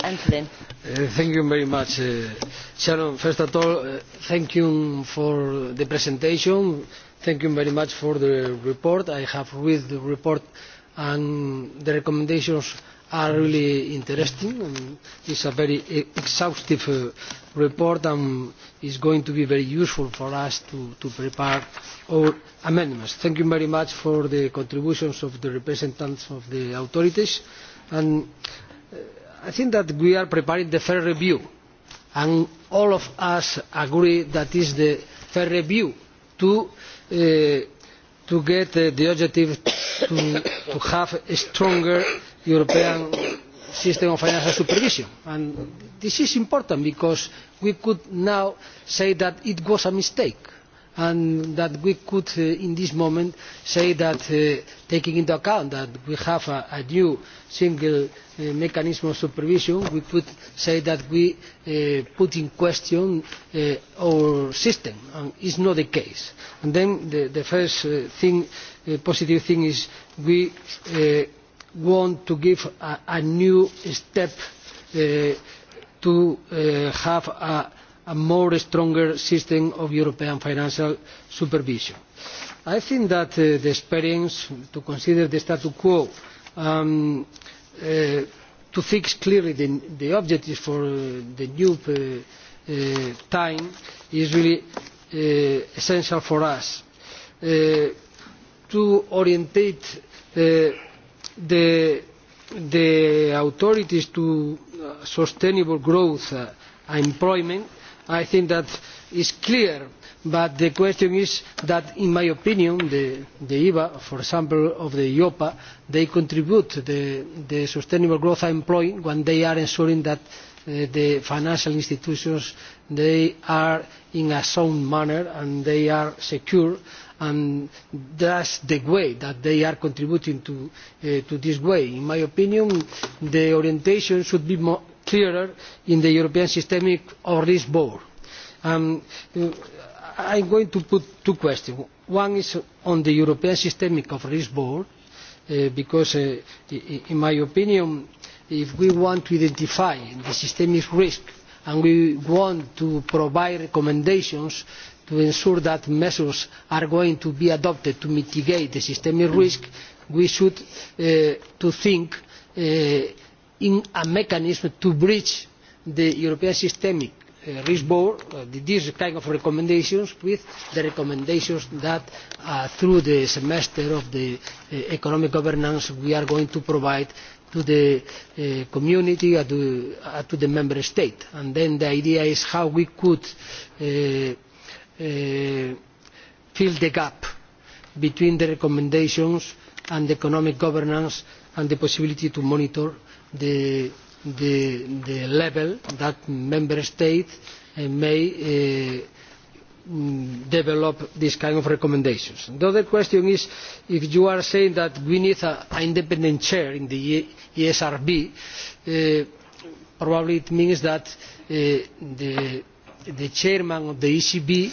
Antolin. Uh, thank you very much, uh, Sharon. First of all, uh, thank you for the presentation thank you very much for the report. i have read the report and the recommendations are really interesting. And um, it's a very e-, exhaustive uh, report and is going to be very useful for us to, to prepare our amendments. Thank you very much for the contributions of the representatives of the authorities. And uh, I think that we are preparing the fair review. And all of us agree that is the fair review to, uh, to get uh, the objective to, to have a stronger European system of financial supervision. And this is important because we could now say that it was a mistake and that we could at uh, this moment say that uh, taking into account that we have a new single uh, mechanism of supervision we could say that we put in question our system and that is not the case. then the first positive thing is that we want to give a new step to have a more stronger system of european financial supervision. i think that uh, the experience to consider the status quo um, uh, to fix clearly the, the objectives for uh, the new uh, uh, time is really uh, essential for us to orientate the, the authorities to sustainable growth and employment i think that is clear but the question is that in my opinion the eba for example of the eiopa contributes to sustainable growth and employment when they are ensuring that uh, the financial institutions are in a sound manner and they are secure and that is the way that they are contributing to uh, this. in my opinion the orientation should be more clearer in the european systemic or risk board. Um, uh, i am going to put two questions. one is on the european systemic of risk board uh, because uh, in my opinion if we want to identify the systemic risk and we want to provide recommendations to ensure that measures are going to be adopted to mitigate the systemic risk we should uh, think uh, in a mechanism to bridge the european systemic uh, risk board uh, these kinds of recommendations with the recommendations that uh, through the semester of economic governance we are going to provide to the community and to the member states. then the idea is how we could fill the gap between the recommendations and economic governance and the possibility to monitor the, the, the level that member states eh, may uh, develop these kinds of recommendations. the other question is if you are saying that we need an independent chair in the esrb e uh, eh, probably it means that uh, the, the chairman of the ecb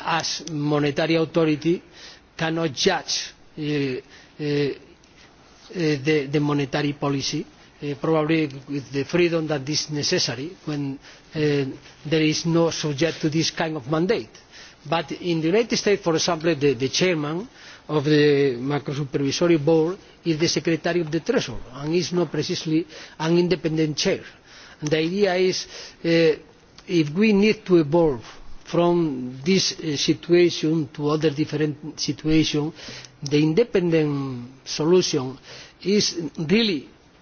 as monetary authority cannot judge uh, the, the monetary policy uh, probably with the freedom that is necessary when uh, there is no subject to this kind of mandate. But in the United States, for example, the, the chairman of the macrosupervisory board is the secretary of the treasury and is not precisely an independent chair. And the idea is uh, if we need to evolve from this uh, situation to other different situations, the independent solution is really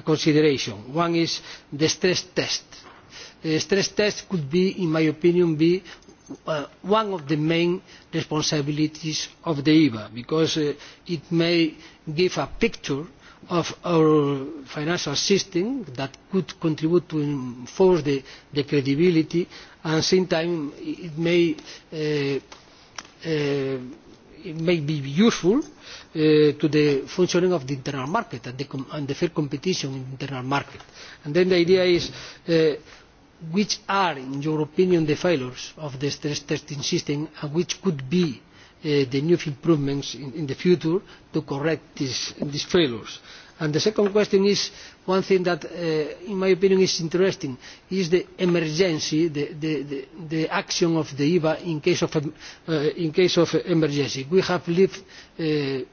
consideration. one is the stress test. the stress test could be in my opinion be, uh, one of the main responsibilities of the eba because uh, it may give a picture of our financial system that could contribute to enforce the, the credibility and at the same time it may uh, uh it may be useful uh, to the functioning of the internal market and the, com and the fair competition in the internal market. And then the idea is uh, which are, in your opinion, the failures of the stress testing system and which could be uh, the new improvements in, in the future to correct these, these failures. Uh, And the second question is one thing that, uh, in my opinion, is interesting, is the emergency, the, the, the, the action of the EBA in case of, uh, in case of emergency. We have lived uh,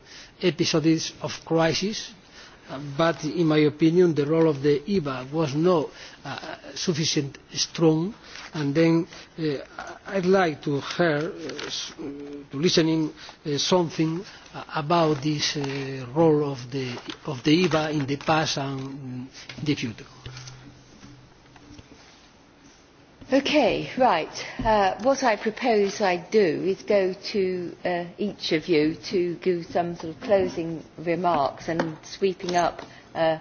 episodes of crisis but in my opinion the role of the eba was not uh, sufficiently strong and then uh, i'd like to hear uh, to listening uh, something uh, about this uh, role of the of the eba in the past and in the future Okay, right. Uh, what I propose I do is go to uh, each of you to give some sort of closing remarks and sweeping up uh,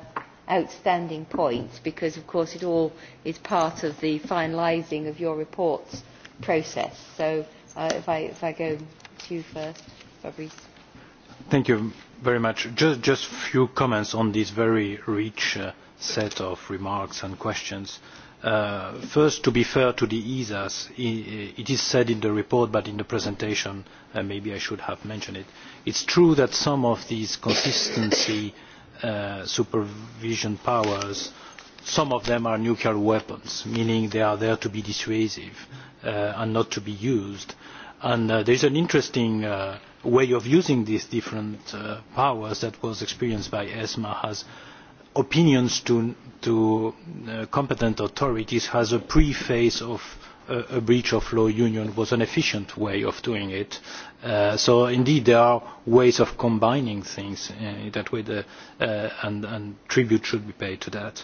outstanding points because, of course, it all is part of the finalising of your reports process. So uh, if, I, if I go to you first, Fabrice. Thank you very much. Just, just a few comments on this very rich uh, set of remarks and questions. Uh, Uh, first, to be fair to the ESAs, it is said in the report, but in the presentation, uh, maybe I should have mentioned it. It's true that some of these consistency uh, supervision powers, some of them are nuclear weapons, meaning they are there to be dissuasive uh, and not to be used. And uh, there's an interesting uh, way of using these different uh, powers that was experienced by ESMA as opinions to, to uh, competent authorities has a preface of uh, a breach of law union was an efficient way of doing it. Uh, so indeed there are ways of combining things uh, in that way the, uh, and, and tribute should be paid to that.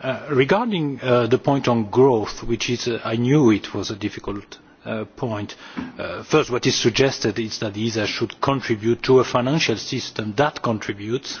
Uh, regarding uh, the point on growth, which is, uh, I knew it was a difficult Uh, point. Uh, first what is suggested is that the esa should contribute to a financial system that contributes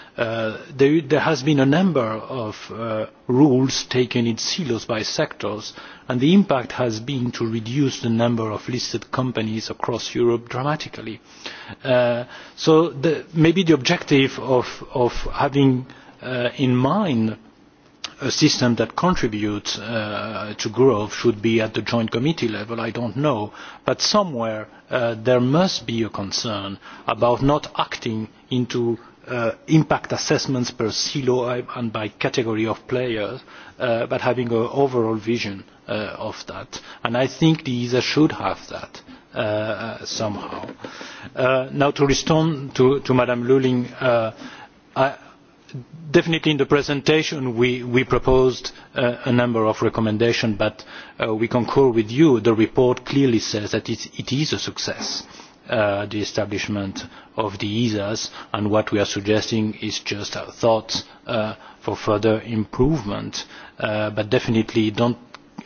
Uh, there, there has been a number of uh, rules taken in silos by sectors and the impact has been to reduce the number of listed companies across europe dramatically. Uh, so the, maybe the objective of, of having uh, in mind a system that contributes uh, to growth should be at the joint committee level i do not know but somewhere uh, there must be a concern about not acting into uh, impact assessments per silo and by category of players, uh, but having an overall vision uh, of that. And I think the ESA should have that uh, somehow. Uh, now to respond to, to Madame Luling, uh, I, definitely in the presentation we, we proposed uh, a number of recommendations, but uh, we concur with you. The report clearly says that it, it is a success. Uh, uh, the establishment of the ESAs, and what we are suggesting is just our thoughts uh, for further improvement. Uh, but definitely, don't,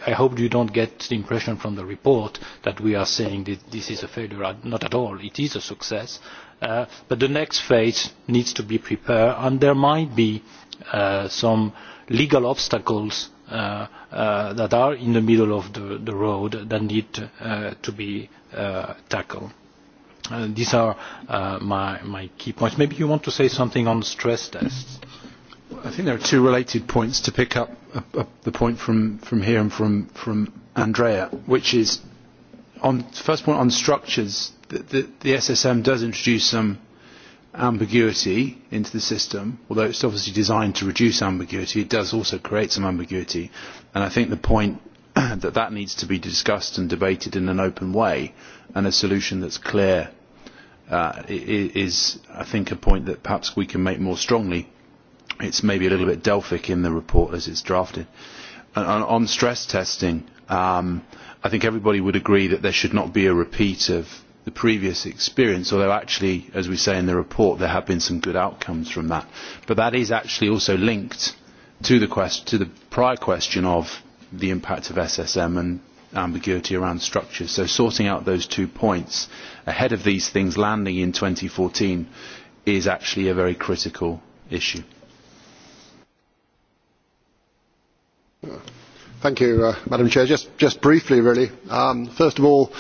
I hope you don't get the impression from the report that we are saying that this is a failure. Not at all. It is a success. Uh, but the next phase needs to be prepared, and there might be uh, some legal obstacles uh, uh, that are in the middle of the, the road that need uh, to be uh, tackled. Uh, these are uh, my, my key points. Maybe you want to say something on stress tests. I think there are two related points to pick up uh, uh, the point from, from here and from, from Andrea, which is on first point on structures. The, the, the SSM does introduce some ambiguity into the system, although it's obviously designed to reduce ambiguity. It does also create some ambiguity, and I think the point that that needs to be discussed and debated in an open way and a solution that's clear uh, is, I think, a point that perhaps we can make more strongly. It's maybe a little bit Delphic in the report as it's drafted. And on, on stress testing, um, I think everybody would agree that there should not be a repeat of the previous experience, although actually, as we say in the report, there have been some good outcomes from that. But that is actually also linked to the, quest- to the prior question of the impact of SSM and ambiguity around structures. So sorting out those two points ahead of these things landing in 2014 is actually a very critical issue. Thank you, uh, Madam Chair. Just, just briefly, really. Um, first of all,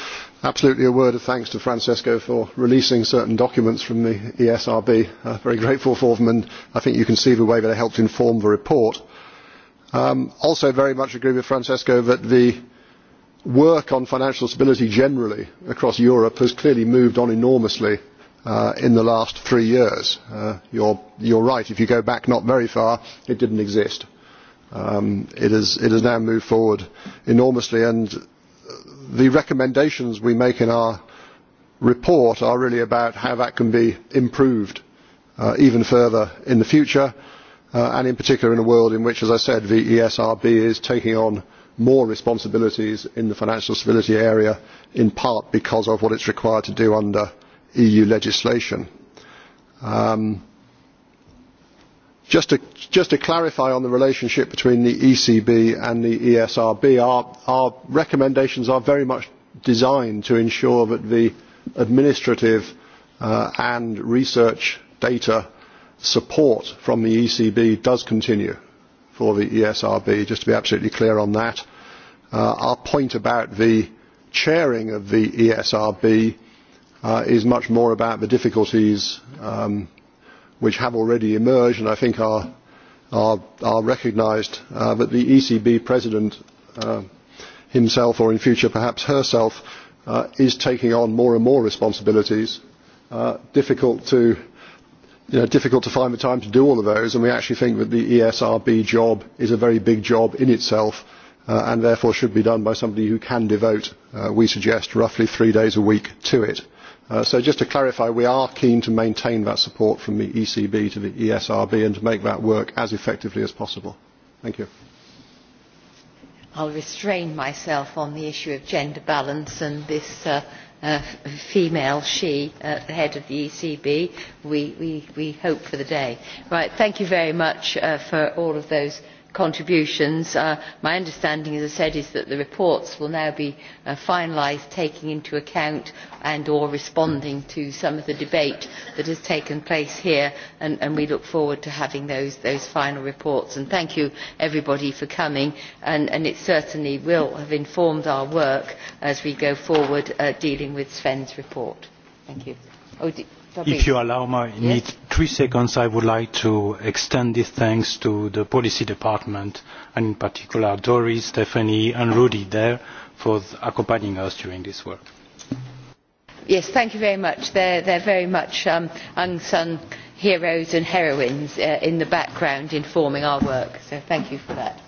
absolutely a word of thanks to Francesco for releasing certain documents from the ESRB. Uh, very grateful for them, and I think you can see the way that it helped inform the report. Uh, Um, also very much agree with Francesco that the work on financial stability generally across Europe has clearly moved on enormously uh, in the last three years. Uh, you're, you're right, if you go back not very far, it didn't exist. Um, it, is, it has now moved forward enormously and the recommendations we make in our report are really about how that can be improved uh, even further in the future uh, and in particular in a world in which, as I said, the ESRB is taking on more responsibilities in the financial stability area, in part because of what it's required to do under EU legislation. Um, just to, just to clarify on the relationship between the ECB and the ESRB, our, our recommendations are very much designed to ensure that the administrative uh, and research data support from the ECB does continue for the ESRB, just to be absolutely clear on that. Uh, our point about the chairing of the ESRB uh, is much more about the difficulties um, which have already emerged and I think are, are, are recognised uh, that the ECB president uh, himself or in future perhaps herself uh, is taking on more and more responsibilities, uh, difficult to uh, you know, difficult to find the time to do all of those, and we actually think that the ESRB job is a very big job in itself, uh, and therefore should be done by somebody who can devote, uh, we suggest, roughly three days a week to it. Uh, so just to clarify, we are keen to maintain that support from the ECB to the ESRB and to make that work as effectively as possible. Thank you. I'll restrain myself on the issue of gender balance and this uh, uh, female, she, uh, the head of the ECB, we, we, we hope for the day. Right, thank you very much uh, for all of those contributions. Uh, my understanding, as I said, is that the reports will now be uh, finalised, taking into account and or responding to some of the debate that has taken place here, and, and we look forward to having those, those final reports. And thank you, everybody, for coming, and, and it certainly will have informed our work as we go forward uh, dealing with Sven's report. Thank you. Oh, if you allow me yes? three seconds i would like to extend these thanks to the policy department and in particular doris stephanie and rudy there for accompanying us during this work. yes thank you very much they are very much um, unsung heroes and heroines uh, in the background informing our work so thank you for that.